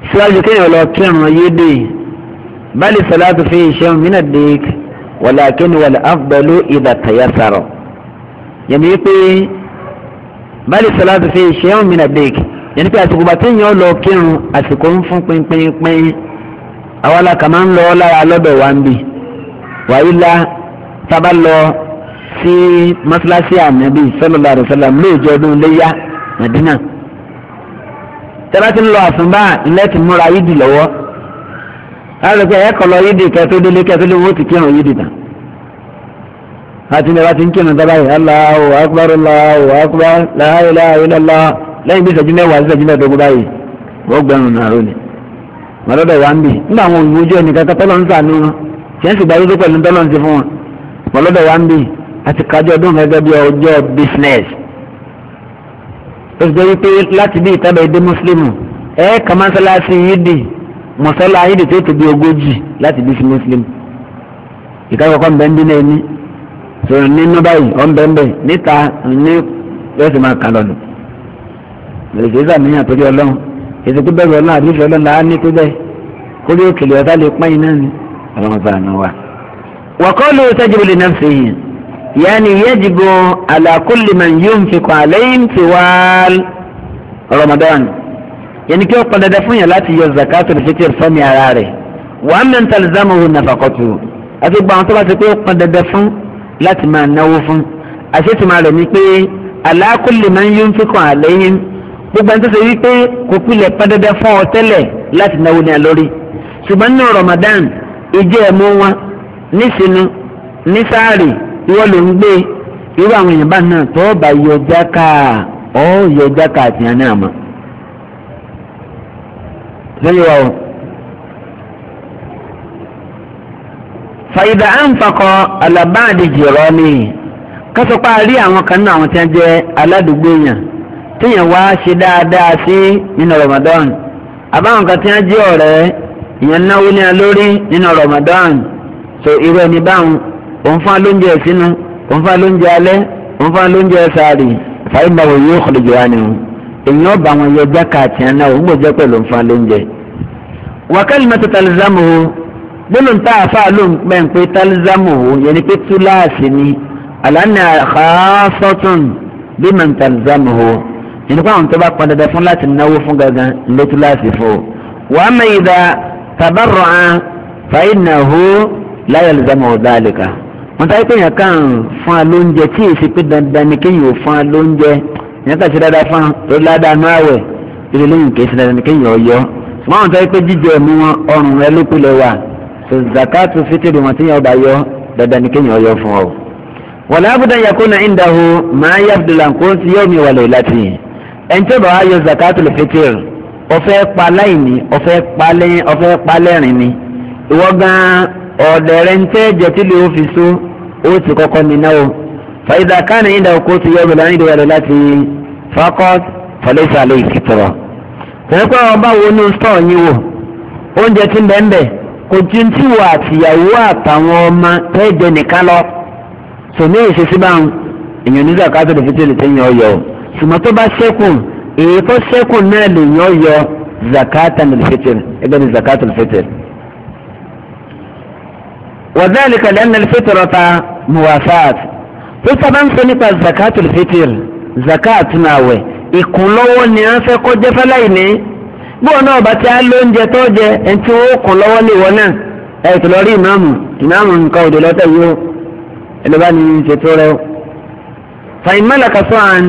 síwájú kéèyàn lọ kírun yé dè bá lè salatu fi shay'un min ad-dik walakin wal afdalu idha tayassara yẹn ni pé báyìí sọláàtì fi ṣe é òmìnira bẹ́ẹ̀kì yẹn ni pé àsìkò bàtí èèyàn lọ kírun àsìkò ń fún pínpínpín àwa la kà máa ń lọ lára lọ́dọ̀ wa ń bì wàyí la tábà lọ sí mọ́sálásí ànábì sọlọ́lá àdùsọ́lá lóòjọ́ ọdún léyà mẹ́dínà tẹ́lá ti ń lọ àsùnbà ńlẹ́ múra yídì lọ́wọ́ láti pé ẹ̀kọ́ lọ yídì kẹ́tó délé kẹ́tó lé wọ́n ti kírun yídì tán àti ní ẹ̀rọ ti ń kírun dábàá yìí Allahu akbar Allahu akbar la ilaha illallah lẹ́yìn bí ìṣẹ́jú mẹ́wàá sí ìṣẹ́jú mẹ́ẹ̀ẹ́dógún báyìí wọ́n gbẹ̀rún náà rò ní. mọ̀lọ́dọ̀ wa ń bì nígbà àwọn òyìnbó ojú ẹnìkan kan tọ́lọ́ ń sànú wọn tí wọ́n sì gba irúgbó pẹ̀lú tọ́lọ́ ń ṣe fún wọn. mọ̀lọ́dọ̀ wa ń bì àti kájọ ọdún gẹ́gẹ́ bí ọjọ́ business. ó sì gbé wípé láti bí ìtàbẹ̀ èdè mùsùlùmù ẹ kà mọ́sálásí yídì mọ́sálá yídì tó tóbi ogójì láti bí sí mùsùlùmù. ìkàkọ̀kọ́ ń ń dín náà ní sọ̀rọ̀ nínú báyìí ọ̀nbẹ̀nbẹ̀ níta ní yọ̀ọ̀sì máa kà lọ́nu lèkè sàmìyàn torí ọlọ́run ètò tó bẹ̀rù ọlọ́run àbí ìfẹ́ ọlọ́run làá ní tó bẹ́ẹ̀ kórí òkèlè ọ̀tá lè pẹ́yìn náà ni ọlọ́run bá àná wa. wọ́kọ́ ló sẹ́jìbò lè náà fèyìn yáni yẹ́jìbò àlàkùnlé màá yóò fi kọ́ àlẹ́yìn ti wá Ramadan yẹni kí ó pọn dandan fún yàn láti yọ ó pọn dandan fún láti máa náwó fún àṣetìmọ̀ rẹ̀ ni pé aláàkúlè máa ń yún gbogbo tó wípé kò pilẹ̀ pẹ́dẹ́dẹ́ fún ọ tẹ́lẹ̀ láti náwó ní alórí ṣùgbọ́n nínú Ramadan ìjẹ́ ẹ̀mú wọn nísìnú nísàárì ìwọ ló ń gbé irú àwọn èèyàn bá náà tó bá yọ jáká ọ yọ jáká àtìyàn náà mọ́. fàyídà ànfàkọ alábàádì jìrọ ni kásọpá rí àwọn kan náà àwọn tí wọn jẹ aládùúgbò yẹn tíyẹn wá ṣe dáadáa sí nínú Ramadan àbáwọn kan tí wọn jẹ ọ̀rẹ́ ìyẹn náwó ní alórí nínú Ramadan so irú ẹni báwọn òun fún alóúnjẹ sínú òun fún alóúnjẹ alẹ́ òun fún alóúnjẹ sáàrì fàyídà wò yóò kọlù jù ni o èyí ọba àwọn yẹn jákàtì ẹ̀ náà òun gbọ́dọ̀ pẹ̀lú òun fún alóúnjẹ. wàkàlì mẹ́tẹ̀ẹ̀tà lè zámu gbólóhùn tá a fà ló ń pẹ́ ń pé tálízámù wò yẹn ni pé túláàsì ni àlànà àkàásọ́tún bí mà ń tálízámù wò yẹn ni pé àwọn tó bá pọn dandan fún láti náwó fún gangan ló túláàsì fò wàá mẹ́yìdá tabarọ̀ án fàyínàhó láyàlízámù wò dáàlìkà wọ́n táyé pé yẹn kàn fún alóúnjẹ tí èsì pé dandan ni kéèyàn ò fún alóúnjẹ yẹn kàn sí dáadáa fún lórí ládàá náà wẹ̀ ìrẹ̀lẹ́yìn kéèsì dandan ni kéèyàn ọ̀yọ́ so zakatu fitiri wọn ti yàn ọba yọ dandan ni kéèyàn yọ fún ọ. wala abudan yakuna indahu máa yá abdullah kó ti yọ mi wàlẹ̀ láti ẹni tó bá wá yọ zakatu fitiri ọ̀fẹ́ pa láìní ọ̀fẹ́ pa lẹ́yìn ọ̀fẹ́ pa lẹ́rìn ni ìwọ gan ọ̀dẹ̀rẹ̀ ń tẹ́ jẹ́ tí lè fi so ó ti kọ́kọ́ ní náà o fàyídà kánà indahu kó ti yọ mi lọ́rin ìdíwọ̀lẹ̀ láti fakọ́t fọlẹ́sà lè kìtọ̀rọ̀ tẹ̀lé pé ọba wo ní stọ̀ọ̀ yín wò oúnjẹ ti ń bẹ́ẹ̀ bẹ́ẹ̀ kò ju tí wà àtìyàwó àtàwọn ọmọ tẹ́ẹ̀dẹ̀ nìkan lọ sòmí ìṣesí bá ń èèyàn ní zakato lè fi tẹ̀lé tẹ̀yìn ọyọ ṣùgbọ́n tó bá ṣẹ́kù èyí tó ṣẹ́kù náà lè yàn ọyọ zakata lè fi tẹ̀lé ẹgbẹ́ ní zakato lè fi tẹ̀lé. وذلك لأن zakata موافات فطبعا سنبا زكاة الفطر زكاة ناوي ìkúnlọ́wọ́ ni a fẹ́ kó jẹ́ fẹ́láìní bóun náà bàtí á lóúnjẹ tó jẹ ẹni tí wọ́n kàn lọ́wọ́ lè wọ́n náà ẹ̀ tó lọ rí ìmáàmù ìmáàmù nǹkan òdò lọ́tẹ̀ yìí ó ẹlẹ́bàá ni ṣètò rẹ̀ ó. fàìmọ́lá kasuwan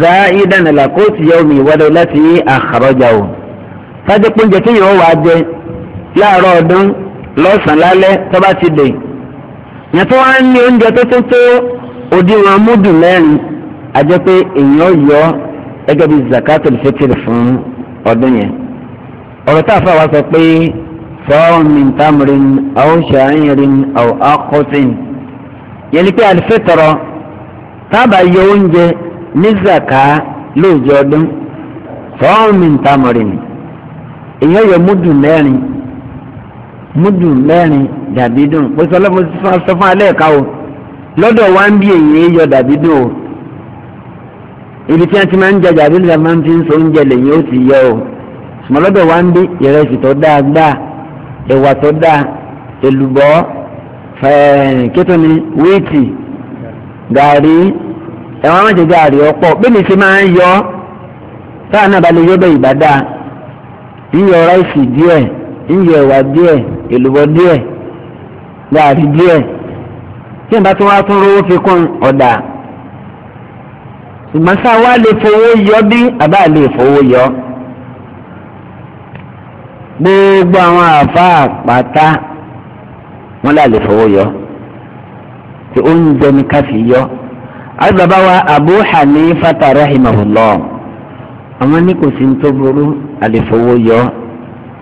za idan alakoti yau mi wadau láti àkàrọ̀jà o. fàjẹ́ pọ́njẹ tí yóò wá jẹ láàárọ̀ ọdún lọ́sàn-án lálẹ́ tó bá ti dé. yẹn tó wá ní oúnjẹ tó tó tó òdiwọ̀n múdù mẹ́rin àjẹpé èèyàn yọ ẹgẹ́ bí zakatul fitr fún ọdún yẹn ọ̀rọ̀ tá a fà wá sọ pé sọ́ọ̀n min tamrin aw sha'irin aw aqsin yẹn ni pé àlùfẹ́tọ̀rọ̀ tábà yọ oúnjẹ ní zaka lóòjọ́ ọdún sọ́ọ̀n min tamrin èyàn yọ múdù mẹ́rin múdù mẹ́rin dàbí dùn pé sọlọ́mọ sọ fún alẹ́ ẹ̀ka o lọ́dọ̀ wá ń bí èyàn yọ dàbí dùn o ibi tí wọ́n ti máa ń jẹ dàbí dùn máa ń fi ń so oúnjẹ lèyìn ó ti yọ o sùmọ́lọ́dọ̀ wa ń bí ìrẹsì tó dáa gbà ẹ̀wà tó dáa èlùbọ́ kẹ́tọ́ ni wíìtì gàrí ẹ̀wọ̀n àwọn àti gàrí ọ̀pọ̀ bẹ́ẹ̀ ni ṣe máa ń yọ táwọn náà bá lè yọ bẹ́ẹ̀ ìbá dáa ráìsì díẹ̀ yíyọ ẹ̀wà díẹ̀ èlùbọ́ díẹ̀ gàrí díẹ̀ tí ìbá tó wá tún rówó fi kún ọ̀dà ìgbọ̀nsá wa lè fowó yọ bí àbá lè fowó yọ. gbogbo àwọn àfa pátá wọn là lè yọ tí oúnjẹ ní fi yọ àti bàbá Abu Hanifa àwọn ní kò sí tó burú àlèfowó yọ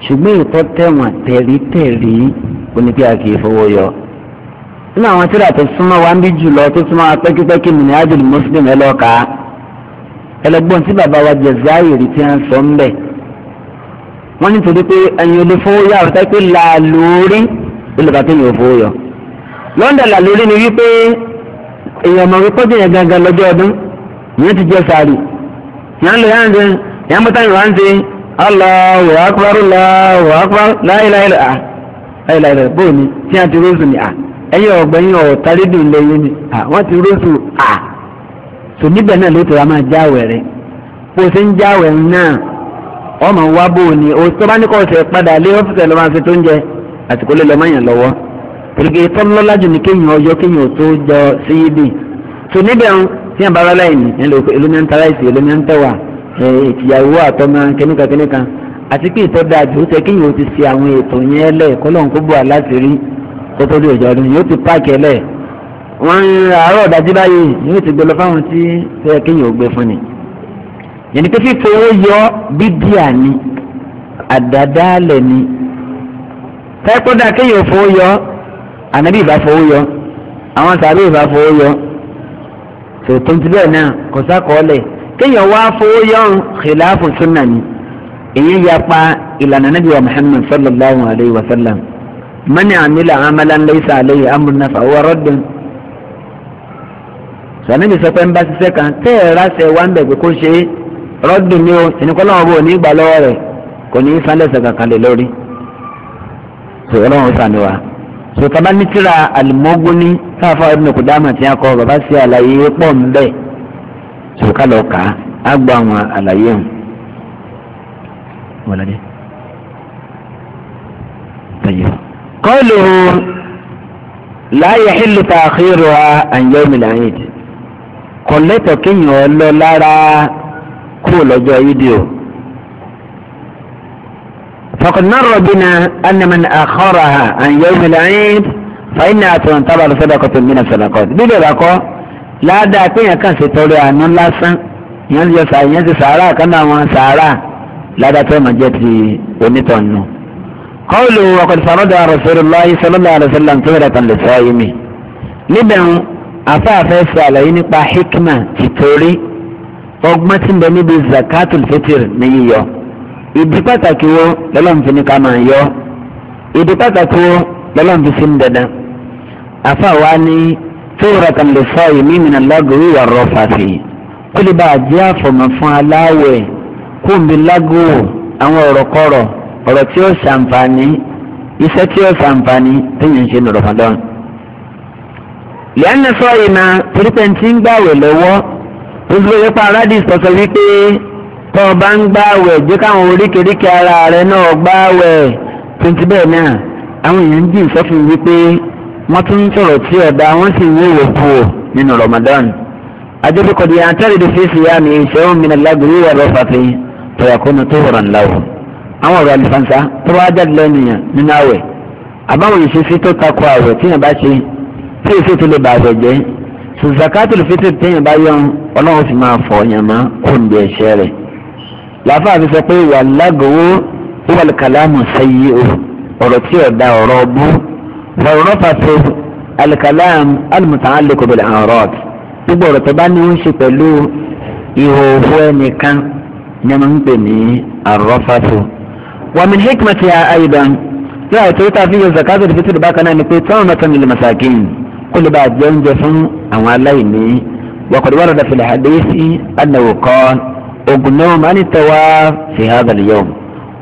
ṣùgbọ́n ìtọ́ tẹ̀wọ̀n tẹ̀rítẹ̀rí oníkẹ́ àkè ìfowó yọ nínú àwọn tíra tó súnmọ́ wa ń bí jùlọ tó súnmọ́ wa pẹ́kípẹ́kí mi ní ájòlù mùsùlùmí tí bàbá wa sọ wọ́n ní torí pé ẹ̀yin olè fowó yá ọ̀rọ̀ táyé pé là lórí olùkà tó fowó yọ. lọ́ńdà là ni wípé èèyàn mọ̀ wípé jẹ̀yàn gangan lọ́jọ́ ọdún ìyẹn ti jẹ́ sàárì ìyẹn lọ yá ń ṣe ìyẹn bọ́tà yìí wá ń ṣe Allahu akbar Allahu akbar la ilaha illa ah la ilaha ni tí a ti rọ́ọ̀sù ni ah ẹ̀yin ọ̀gbẹ́yìn ọ̀tàlédùn lẹ́yìn ni ah wọ́n ti ah sò níbẹ̀ náà ló ti wá máa jáwèé rẹ̀ bó wọ́n máa wá bò ní o tó bá ní kó o ṣe padà lé ọ́fíìsì ló máa ṣe tó ń jẹ àsìkò lè lọ mọ́ èèyàn lọ́wọ́ pèrèkè tó ń lọ́lá jù ní kéèyàn ọjọ́ kéèyàn tó jọ sí ibi tó níbẹ̀ ń tí yàn bá rárá ẹ̀ ní ẹlòmíyàn taraisi ẹlòmíyàn tẹwà ìtìyàwó àtọmọ kẹníkan kẹníkan àti pé ìtọ́jú àjò ó ṣe kéèyàn ó ti ṣe àwọn ètò yẹn lẹ̀ kọ́lọ́n wọ́n ń ra àárọ̀ dájú báyìí yóò ti gbé lọ fáwọn tí fẹ́ kéèyàn ó gbé fún ni yẹn ni pé fífowó yọ bídíà ni àdàdálẹ̀ ni tẹ́kọ́dà kéèyàn fowó yọ ànábì ìbá fowó yọ àwọn sàbẹ̀ ìbá fowó yọ tòótọ́ ti bẹ́ẹ̀ náà kò sákọọ́lẹ̀ kéèyàn wá fowó yọ khilafu sunna ni èyí yapa ìlànà nàbí wa muhammad sallallahu alayhi wa sallam mani amila amalan laysa alayhi amruna fa huwa raddun sànàbì sọ pé ń bá ṣiṣẹ́ kan tẹ́ ẹ̀ ráṣẹ̀ wá ń bẹ̀ pé kó ṣe é rọ́dùn ni o ìníkọ́lọ́wọ́ bò ní ìgbà lọ́wọ́ rẹ̀ kò ní í sálẹ̀sẹ̀ kankan lè lórí so ọlọ́run sànù wa so taba ní tíra alimoguni káfa Ibn Qudama tí a kọ baba sí àlàyé pọ̀ ń bẹ̀ so ká lọ kà á gba àwọn àlàyé hàn wọlé tẹ̀yẹ. kọ́ọ̀lù la yahillu ta'khiruha an yawmil 'id lọ lára kúrò lọ́jọ́ yídì o. faqad marra bina anna man akharaha an yawm al-eid fa inna àtúntàbà sadaqatun min as-sadaqat. bíbẹ̀ bá kọ́ ládàá pé yẹn kàn ṣe tọrẹ àánú lásán yẹn ti sàárà yẹn ti sàárà kan náà wọn sàárà ládàá tó máa jẹ́ ti onítọ̀nù. qawlu waqad farada rasulullahi sallallahu alaihi wasallam tu'ratan lis-sa'imi. níbẹ̀ ń afáàfẹ́ sọ nípa hikma tìtorí ọgbọ́n tí ń bẹ níbi zakatul fitr ní yíyọ ìdí pàtàkì wo lọ́lọ́mùfin ni ká máa yọ ìdí pàtàkì wo lọ́lọ́mùfin sí ń dandan àfàwa ni tóra kan lè sọ èmi mìíràn lágòwé wà rọ́fàfì kó lè bá a jẹ́ àfọ̀mọ́ fún aláwẹ̀ kó n bí lágòwò àwọn ọ̀rọ̀ kọ̀rọ̀ ọ̀rọ̀ tí ó ṣàǹfààní iṣẹ́ tí ó ṣàǹfààní téèyàn ṣe nù rọ̀fàdán. lẹ́yìn náà sọ ìmọ̀ torípẹ́ntì ń gbàwẹ̀ lọ́wọ́ olùdókòwò pa aráàdì sọ̀sọ̀ wípé tó o bá ń gbààwẹ̀ jẹ́ káwọn oríkèéríkè ara rẹ náà gbààwẹ̀ tuntun bẹ́ẹ̀ náà àwọn èèyàn ń jìn sọ́fún wípé wọ́n tún ń sọ̀rọ̀ tí ọ̀dà wọ́n sì ń wéwò kú o nínú Ramadan adébíkọ̀dé àtẹ́rẹ̀dẹ̀ fèsì yá mi ìṣẹ́wọ́n mi lágbèrè wà lọ́fàfin tọ̀yàkónú tó rọrùn láwọ̀ àwọn ọ̀rọ̀ àlùfáǹsá tó wá jáde lẹ́nu yàn nínú àwẹ̀ àbáwọn ìṣesí tó takò àwẹ̀ tíyàn bá ṣe tí èso tó lè bàwẹ̀ so zakatul fitr téèyàn bá yọ ọlọ́run sì máa fọ ọ̀yàn má kó ń bí ẹ̀ṣẹ̀ rẹ̀ làáfàá fi sọ pé wà lágòwó wíwàlì kàlámù sẹ́yí o ọ̀rọ̀ tí ò da ọ̀rọ̀ ọbú wọ̀rọ̀ fàtó alikàlámù alimutaaleko bẹ̀rẹ̀ àrọ́ọ̀t gbogbo ọ̀rọ̀ tó bá ní ń ṣe pẹ̀lú ìhòòhò ẹnìkan ní ẹnu ń pè ní àrọ́fàtó wàmìn hikmati aydan yóò àìtó kó lè bá jẹ oúnjẹ fún àwọn aláìní waqad warada fil hadithi annahu qala ughnuhum an at-tawaf fi hadha al-yawm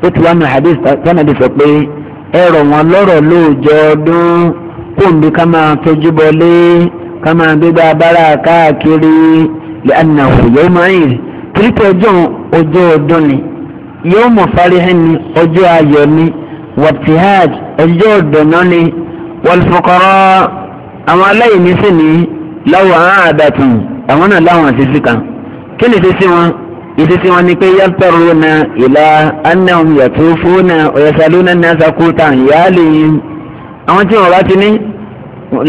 ó ti wá ní hadith tánàdì sọ pé ẹ̀rọ wọn lọ́rọ̀ lóòjọ́ ọdún kóńdé ká máa tọ́jú bọlé ká máa gbégbá abára káàkiri li'annahu yawm 'eid kìrìtì ọjọ́ ọjọ́ ọdún ni yawm farihin ni ọjọ́ ayọ̀ ni wabtihaj ọjọ́ ọdún náà ni wal fuqara àwọn aláìní sì ní láwọ àwọn àdàtún àwọn náà láwọn àṣìṣe kan kí ni ṣe wọn ìṣesí wọn ni pé yàtọ̀rọ̀ na ìlà anáhùn yàtọ̀ fúnà ọ̀yẹ̀sálúnà náà sakúta ìyáálé yìí àwọn tí wọn bá ti ní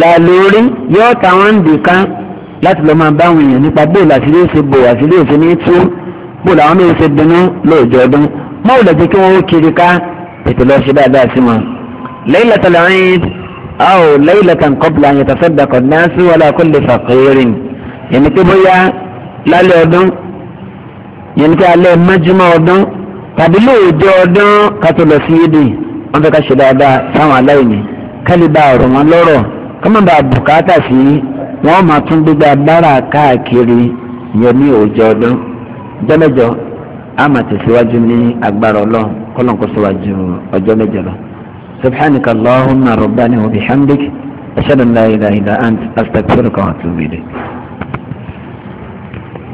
làlórí yóò ta wọn dì kan láti lọ́ọ́ máa bá àwọn èèyàn nípa bóò làṣírí òṣè bò àṣírí òṣè ní tú bóò làwọn náà ṣe dunnú lóòjọ́ ọdún mọ́wùlẹ̀ jẹ́ kí wọ́n kiri ká tètè lọ́ọ́ ṣe dáadáa sí wọn. lẹ́yìn lẹ́tọ̀lẹ́ aw laylatan qabla an yatasaddaqa an-nasu wala kulli faqirin yẹn ni pé bóyá lálẹ́ ọdún yẹn ni pé alẹ́ mọ́júmọ́ ọdún tàbí lóòjọ́ ọdún kátó lọ sí yédè wọ́n fẹ́ ká ṣe dáadáa fáwọn aláìní kálíbà ọ̀rọ̀ wọn lọ́rọ̀ kọ́mọ̀ bá bùkátà sí wọ́n máa tún gbégbá bára káàkiri yẹn ní òòjọ́ ọdún jẹ́mẹ́jọ a máa tẹ̀síwájú ní agbára ọlọ́run kọ́lọ́n kó síwájú ọjọ́ lọ. سبحانك اللهم ربنا وبحمدك أشهد أن لا إله إلا أنت أستغفرك وأتوب إليك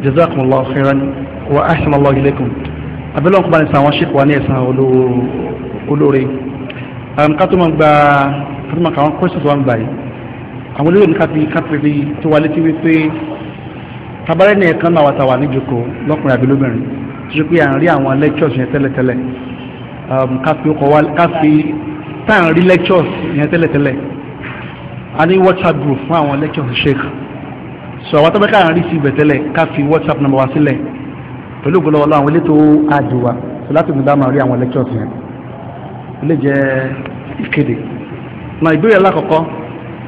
جزاكم الله خيرا وأحسن الله إليكم abẹ́lẹ́ ọkùnrin ní sàwọn ṣèkọ̀ wa ní ẹ̀sán olóore kátó gba kátó máa kàwọn kọ́sì tó wà ń gbà yìí àwọn olóyè ní káfí káfíìrì tó wà létí wípé tabarẹ́ ní ẹ̀kan náà wàtà wà níjòkó lọ́kùnrin àbí lóbìnrin tó ṣe pé à ń rí àwọn lectures yẹn tẹ́lẹ̀tẹ́lẹ̀ káfí tá à ń lectures yẹn tẹ́lẹ̀tẹ́lẹ̀ a ní whatsapp group fún àwọn lectures sheikh so àwọn tó bẹ́ ká rí sí ibẹ̀ tẹ́lẹ̀ ká fi whatsapp number wa sílẹ̀ pẹ̀lú ògbólọ́wọ́ lọ àwọn elétò àjùwà so láti mú dáhùn rí àwọn lectures yẹn ilé jẹ́ ìkéde na ìbéèrè alákọ̀ọ́kọ́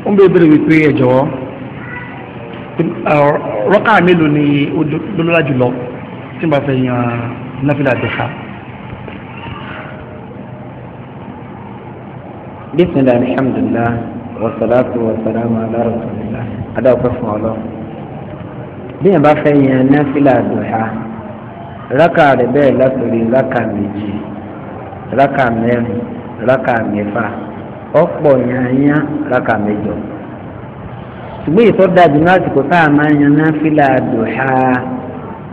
ó ń bẹ ìbéèrè wípé ẹ jọ̀wọ́ rọ́kà mélòó ni ó dúró lájùlọ tí n bá fẹ́ yan náfìlà dẹ̀ka. bisimilah alhamdulilah wasalaatu wasalaamu ala rasulillah adáwọ̀pẹ́ fún ọlọ́ bí yẹn bá fẹ́ yan náfìlà duha rákà rẹ̀ bẹ́ẹ̀ látòrí rákà méjì rákà mẹ́rin rákà mẹ́fà ọ̀pọ̀ yanya rákà mẹ́jọ ṣùgbọ́n ìtọ́ dàbí ní àsìkò tá a máa yan náfìlà duha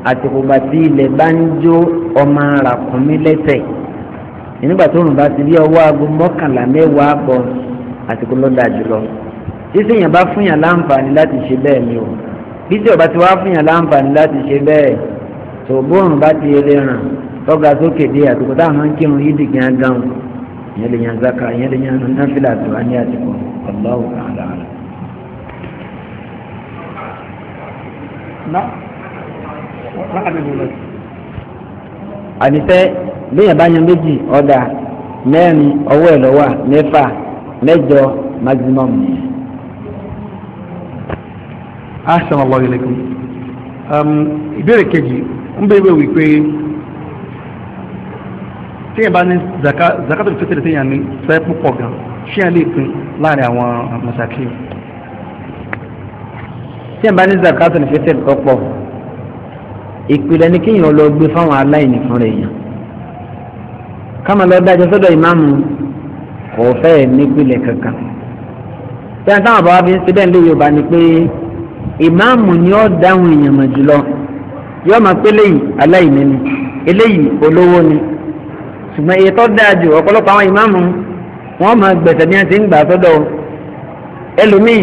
àtìkùgbà tí ilẹ̀ bá ń jó ọmọ ràkúnmí lẹ́sẹ̀ nígbà tó rùn bá ti bí ọwọ́ aago mọ́kànlá mẹ́wàá bọ̀ àsìkò lọ́dà jùlọ títí èèyàn bá fún yàn láǹfààní láti ṣe bẹ́ẹ̀ ni o bí tí ọba ti wá fún yàn láǹfààní láti ṣe bẹ́ẹ̀ tó bóòrùn bá ti eré ràn tọ́ga sókè dé àsìkò táwọn máa ń kírun yìí dì gán gan ìyẹn lè yan zaka ìyẹn lè yan náfìlà tó wá ní àsìkò ọlọ́wọ́ àlàálà. لا ما أنا ànífẹ́ bẹ́yàn bá yan méjì ọ̀dà mẹ́rin ọwọ́ ẹ̀ lọ́wọ́ mẹ́fà mẹ́jọ maximum. asan allah ilekum um, ìbéèrè kejì ń bẹ̀rẹ̀ wípé téèyàn bá ní zakato fitiri téèyàn ní fẹ́ púpọ̀ gan ṣé lè pín láàrin àwọn masakin. téèyàn bá ní zakato ìpìlẹ̀ ni kéèyàn lọ gbé fáwọn aláìní fún rẹ̀ káma lọ dájọ́ sọ́dọ̀ ìmáàmù kò fẹ nípìlẹ̀ kankan tí a táwọn bàbá fi ń síbẹ̀ lé Yorùbá ni pé ìmáàmù ni ó dáhùn èèyàn mọ̀ jùlọ yóò máa pé léyìí aláìní ni eléyìí olówó ni ṣùgbọ́n èyí tó dáa jù ọ̀pọ̀lọpọ̀ àwọn ìmáàmù máa gbẹ̀sẹ̀ ń gbà ẹlòmíì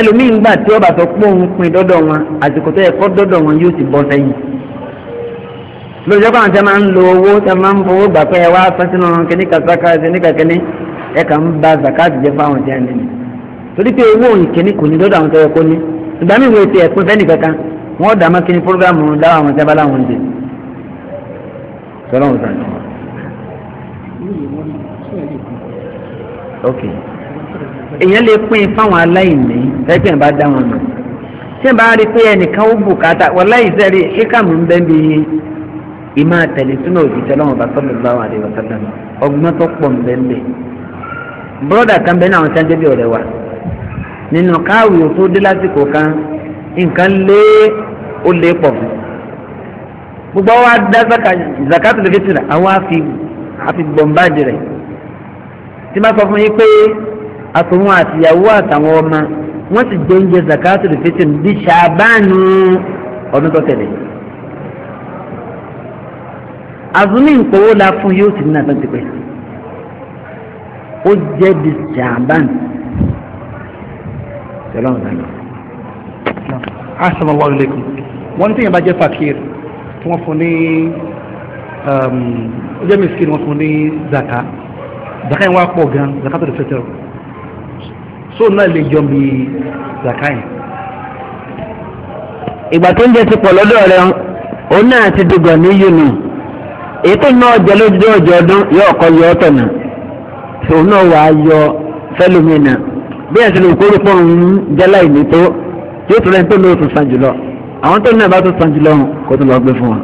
ẹlòmíì ń gbà tí ọba sọ pé òun pin dọ́dọ̀ wọn àsìkò tó yẹ kọ́ dọ́dọ̀ wọn yóò ti bọ́ sẹ́yìn lójó kan tẹ máa ń lo owó tẹ máa ń fowó gbà pé ẹ wá fẹsínú kíní kàtàkà kíní kàkíní ẹ kà ń ba zakati jẹ fáwọn tí a nìyí torí pé owó ìkíní kò ní dọ́dọ̀ àwọn tó yẹ kó ní ìgbà míì wo ti ẹ̀pin fẹ́ni kankan wọ́n dà má kíní fúrógámù dáwọ́ àwọn tí a lè pín fáwọn aláìní lẹ́kìn ìbá dá wọn nù tí ìbá rí pé ẹnìkan ó bùkátà wọ́n láì sẹ́rí ṣíkàmù ń bẹ́ bí ìmọ̀ àtẹ̀lé súnà òjíṣẹ́ lọ́wọ́n bá sọ́dọ̀ bá wà lẹ́wọ̀ sọ́dọ̀ ọgbọ́n tó pọ̀ ń bẹ́ ń bẹ́ bọ́dà kan bẹ́ẹ̀ náà wọ́n ṣáájú bí ọ̀rẹ́ wa nínú káwé tó dé lásìkò kan nǹkan lé ó lé pọ̀ fún gbogbo wa dá zakat lè àwọn àfi gbọ̀nbáàdì rẹ̀ tí má sọ fún yín pé àtòun àtìyàwó àtàwọn ọmọ wọ́n sì jẹ oúnjẹ zakatul fitr bí ṣàbánu ọdún tó tẹ̀lé azumi nkpowó la fún yóò sì nínú àtúntì pé ó jẹ bí ṣàbánu sọlọ́n sọlọ́n. asalaamu alaykum wọ́n ti yẹn bá jẹ́ fakir tí wọ́n fún ní um, ó jẹ́ miskin wọ́n fún ní zaka zaka yẹn wá pọ̀ gan zakatul fitr so na lè jọ bí zakai. ìgbà tó ń jẹ ti pọ̀ lọ́dọ̀ rẹ òun náà ti dùgọ̀ ní yunù ètò náà jẹ lójú ọjọ́ ọdún yóò kọ́ yọ ọ́tọ̀ náà tòun náà wàá yọ fẹ́lómìnà bí ẹ̀sìn lè kórè pọ̀ ń jẹ́lá ìní tó yóò tún lẹ́yìn tó lóò tún san jùlọ àwọn tó náà bá tún san jùlọ kó tún lọ gbé fún wọn.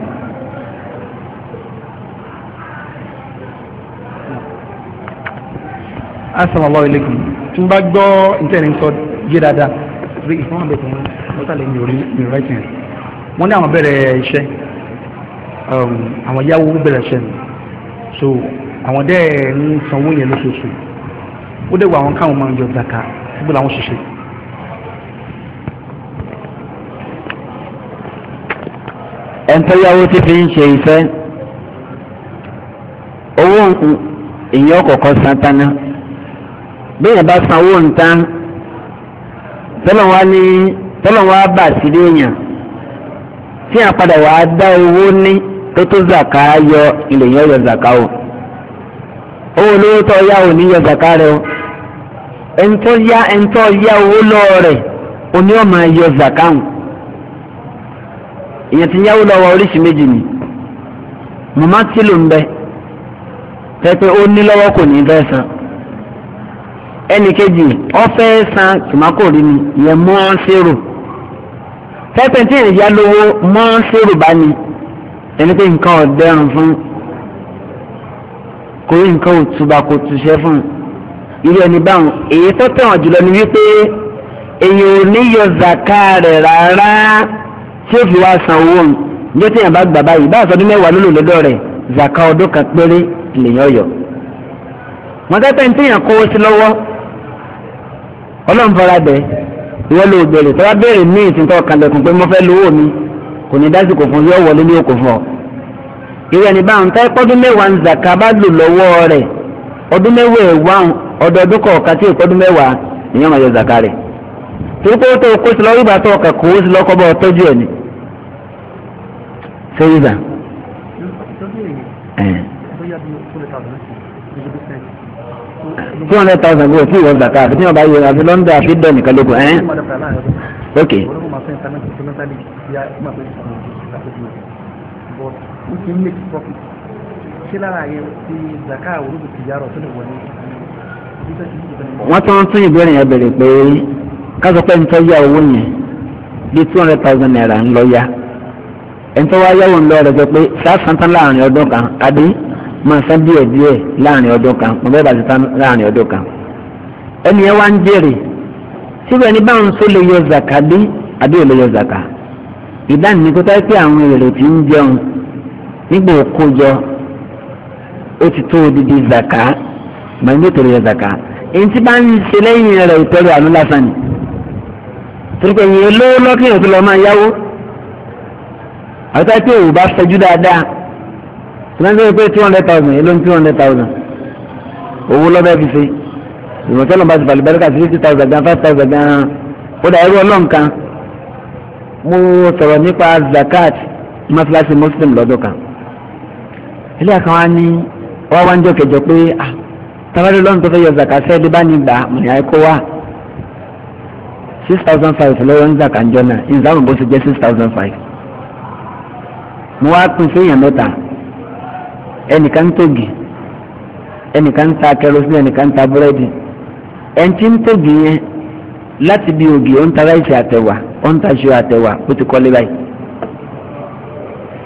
Assalamu alaikum tí n bá gbọ́ ìtẹ̀rẹ̀ ń sọ yé dáadáa rí ìfọwọ́n bẹ̀ tán mọ́tàlẹ́ mi ò rí mi rẹ́ tì wọ́n ní àwọn bẹ̀rẹ̀ iṣẹ́ um, àwọn yáwó bẹ̀rẹ̀ iṣẹ́ mi so àwọn dẹ́ ń sanwó yẹn lóṣooṣù ó dẹ̀ wọ àwọn káwọn máa ń yọ gbàkà gbọ́dọ̀ àwọn ṣiṣẹ́. ẹnitọ́yàwó ti fi ń ṣe ìfẹ́ owó èèyàn kọ̀ọ̀kan santana bẹ́ẹ̀ bá sanwó nǹkan tọ́lọ̀ wá ní tọ́lọ̀ wá bà sí léèyàn tí a padà wá dá owó ní tó tó zàká yọ ilẹ̀ yẹn yọ zàká o owó olówó tó yá ò ní yọ zàká rẹ o ẹni yá ẹni yá owó lọ́wọ́ rẹ̀ o ní ọ̀ máa yọ zàká o èèyàn ti yáwó lọ́wọ́ oríṣi méjì ni mọ̀má tí ló ń bẹ tẹ́ ó ní lọ́wọ́ kò ní fẹ́ san ẹnìkejì ọfẹ san tòmákòrí ni ìyẹn mọ́ọ́nsẹ́rò pẹ́pẹ́ntì ìyá lówó mọ́ọ́nsẹ́rò bá ní ẹni pé nǹkan ọ̀dẹ́rùn fún kò rí nǹkan òtúba kò túṣẹ́ fún irú ẹni báwọn èyí tó tẹ̀wọ̀n jùlọ ni wípé èyí ò ní yọ zaka rẹ̀ rárá tí ó fi wá san owó ń jẹ́ tí yàrá bá gbà báyìí bá àtọ́dún mẹ́wàá lólò lọ́dọ̀ rẹ̀ zaka ọdún kan péré lèyàn yọ. wọ́n tẹ́tẹ́ ní tí yàn kó sí lọ́wọ́ ọlọ́run fara bẹ̀ ìwọ ló béèrè tọ́wá béèrè ní ìsìntọ́ kalẹ̀kùn pé mo fẹ́ lówó mi kò ní dásìkò fún yóò wọlé ní òkò fún ọ. ìwé ẹni báwọn tá ọdún mẹ́wàá ń zàkà bá lò lọ́wọ́ rẹ̀ ọdún mẹ́wàá ẹ̀wá ọdọọdún kọ̀ọ̀kan tí ìpọ́dún mẹ́wàá ìyẹn máa yọ zàkà rẹ̀. torí pé ó tó kó sí lọ rí bàtọ́ ọkà kó sí lọ́kọ́ bọ́ tọ́jú ẹ̀ ni. sẹ́yìn two hundred thousand gbọ́dọ̀ sí ìwọ zaka àfi tí wọ́n bá yẹ àfi lọ́ndà àfi dọ̀ nìkan lóko ẹ̀ ok. wọ́n tún tún ìbéèrè yẹn béèrè pé káṣọ pé ń tọ́jú owó yẹn bíi two hundred thousand naira ń lọ yá ẹ̀ ń tọ́wọ́ ayáwó ń lọ rẹ̀ jẹ́ pé sáà santan láàrin ọdún kan àbí máa san díẹ̀ díẹ̀ láàrin ọdún kan mo bẹ́ẹ̀ bá ti san láàrin ọdún kan ẹni yẹn wá ń jèrè síbẹ̀ ní báwọn tó lè yọ zaka bí àbí ò lè yọ zaka ìdánimíkótá pé àwọn èrè tí ń jẹun nígbà òkójọ ó ti tó odidi zaka gbàgbé nítorí yọ zaka èyí tí bá ń ṣe lẹ́yìn rẹ̀ ìtọ́jú àánú lásán ni torí pé ìyẹn lówó lọ́kìnyàn tó lọ́ọ́ máa yáwó àti pé òun bá fẹjú dáadáa lọ́nà pé two hundred thousand èló ní two hundred thousand owó lọ́bẹ̀ fi ṣe ìmọ̀tẹ́ lọ́nà bá ti balẹ̀ bẹ́rẹ̀ kà sí thousand gan five thousand gan kódà ẹrú ọlọ́run kan mo sọ̀rọ̀ nípa zakat masalasi muslim lọ́dọ̀ kan ilé àkàn wa ní ọwọ́ wa ń jọ kẹjọ pé ah tábàdé lọ́nà tó fẹ́ yọ zakat sẹ́ẹ̀dì bá ní gbà mọ̀nyá ẹ̀kọ́ wa six thousand five lọ́yọ̀ ń zakat jọ náà ìzámù bó ṣe jẹ́ six thousand five mo wá pín sí èèyàn mẹ́ta. ẹnìkan tógi ẹnìkan ta kerosene ẹnìkan ta búrẹ́dì ẹnití ń tógi yẹn láti bí ògì ó ń ta ráìsì àtẹ̀wà ó ń ta ó ti kọ́lé báyìí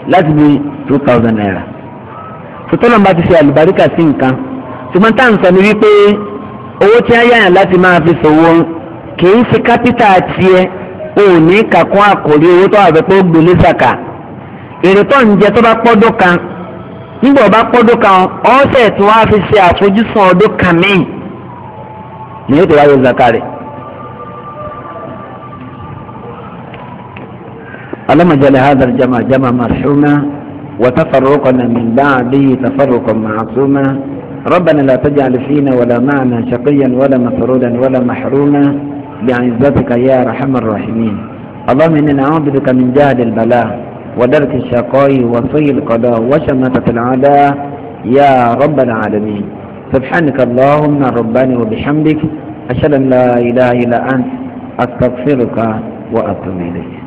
láti bí two thousand naira fòtọ́nà bá ti ṣe àlùbáríkà sí nǹkan ṣùgbọ́n tá à ń sọ ni wípé owó tí a yàyàn láti máa fi ṣòwò kìí ṣe kápítà tiẹ̀ o ò ní kàkún àkòrí owó tó wà gbélé èrè tó ń jẹ tó bá nígbà ọba pọ́dún kan ọ̀sẹ̀ tí wọ́n á fi ṣe àfojúsùn ọdún kan míì ní ètò ìwáyé zakari. اللهم اجعل هذا الجمع جمع مرحوما وتفرقنا من بعده تفرقا معصوما ربنا لا تجعل فينا ولا معنا شقيا ولا مسرودا ولا محروما بعزتك يا ارحم الراحمين اللهم انا نعوذ بك من جهل البلاء ودرك الشقاء وفي القضاء وشماتة العداء يا رب العالمين سبحانك اللهم رباني وبحمدك أشهد أن لا إله إلا أنت أستغفرك وأتوب إليك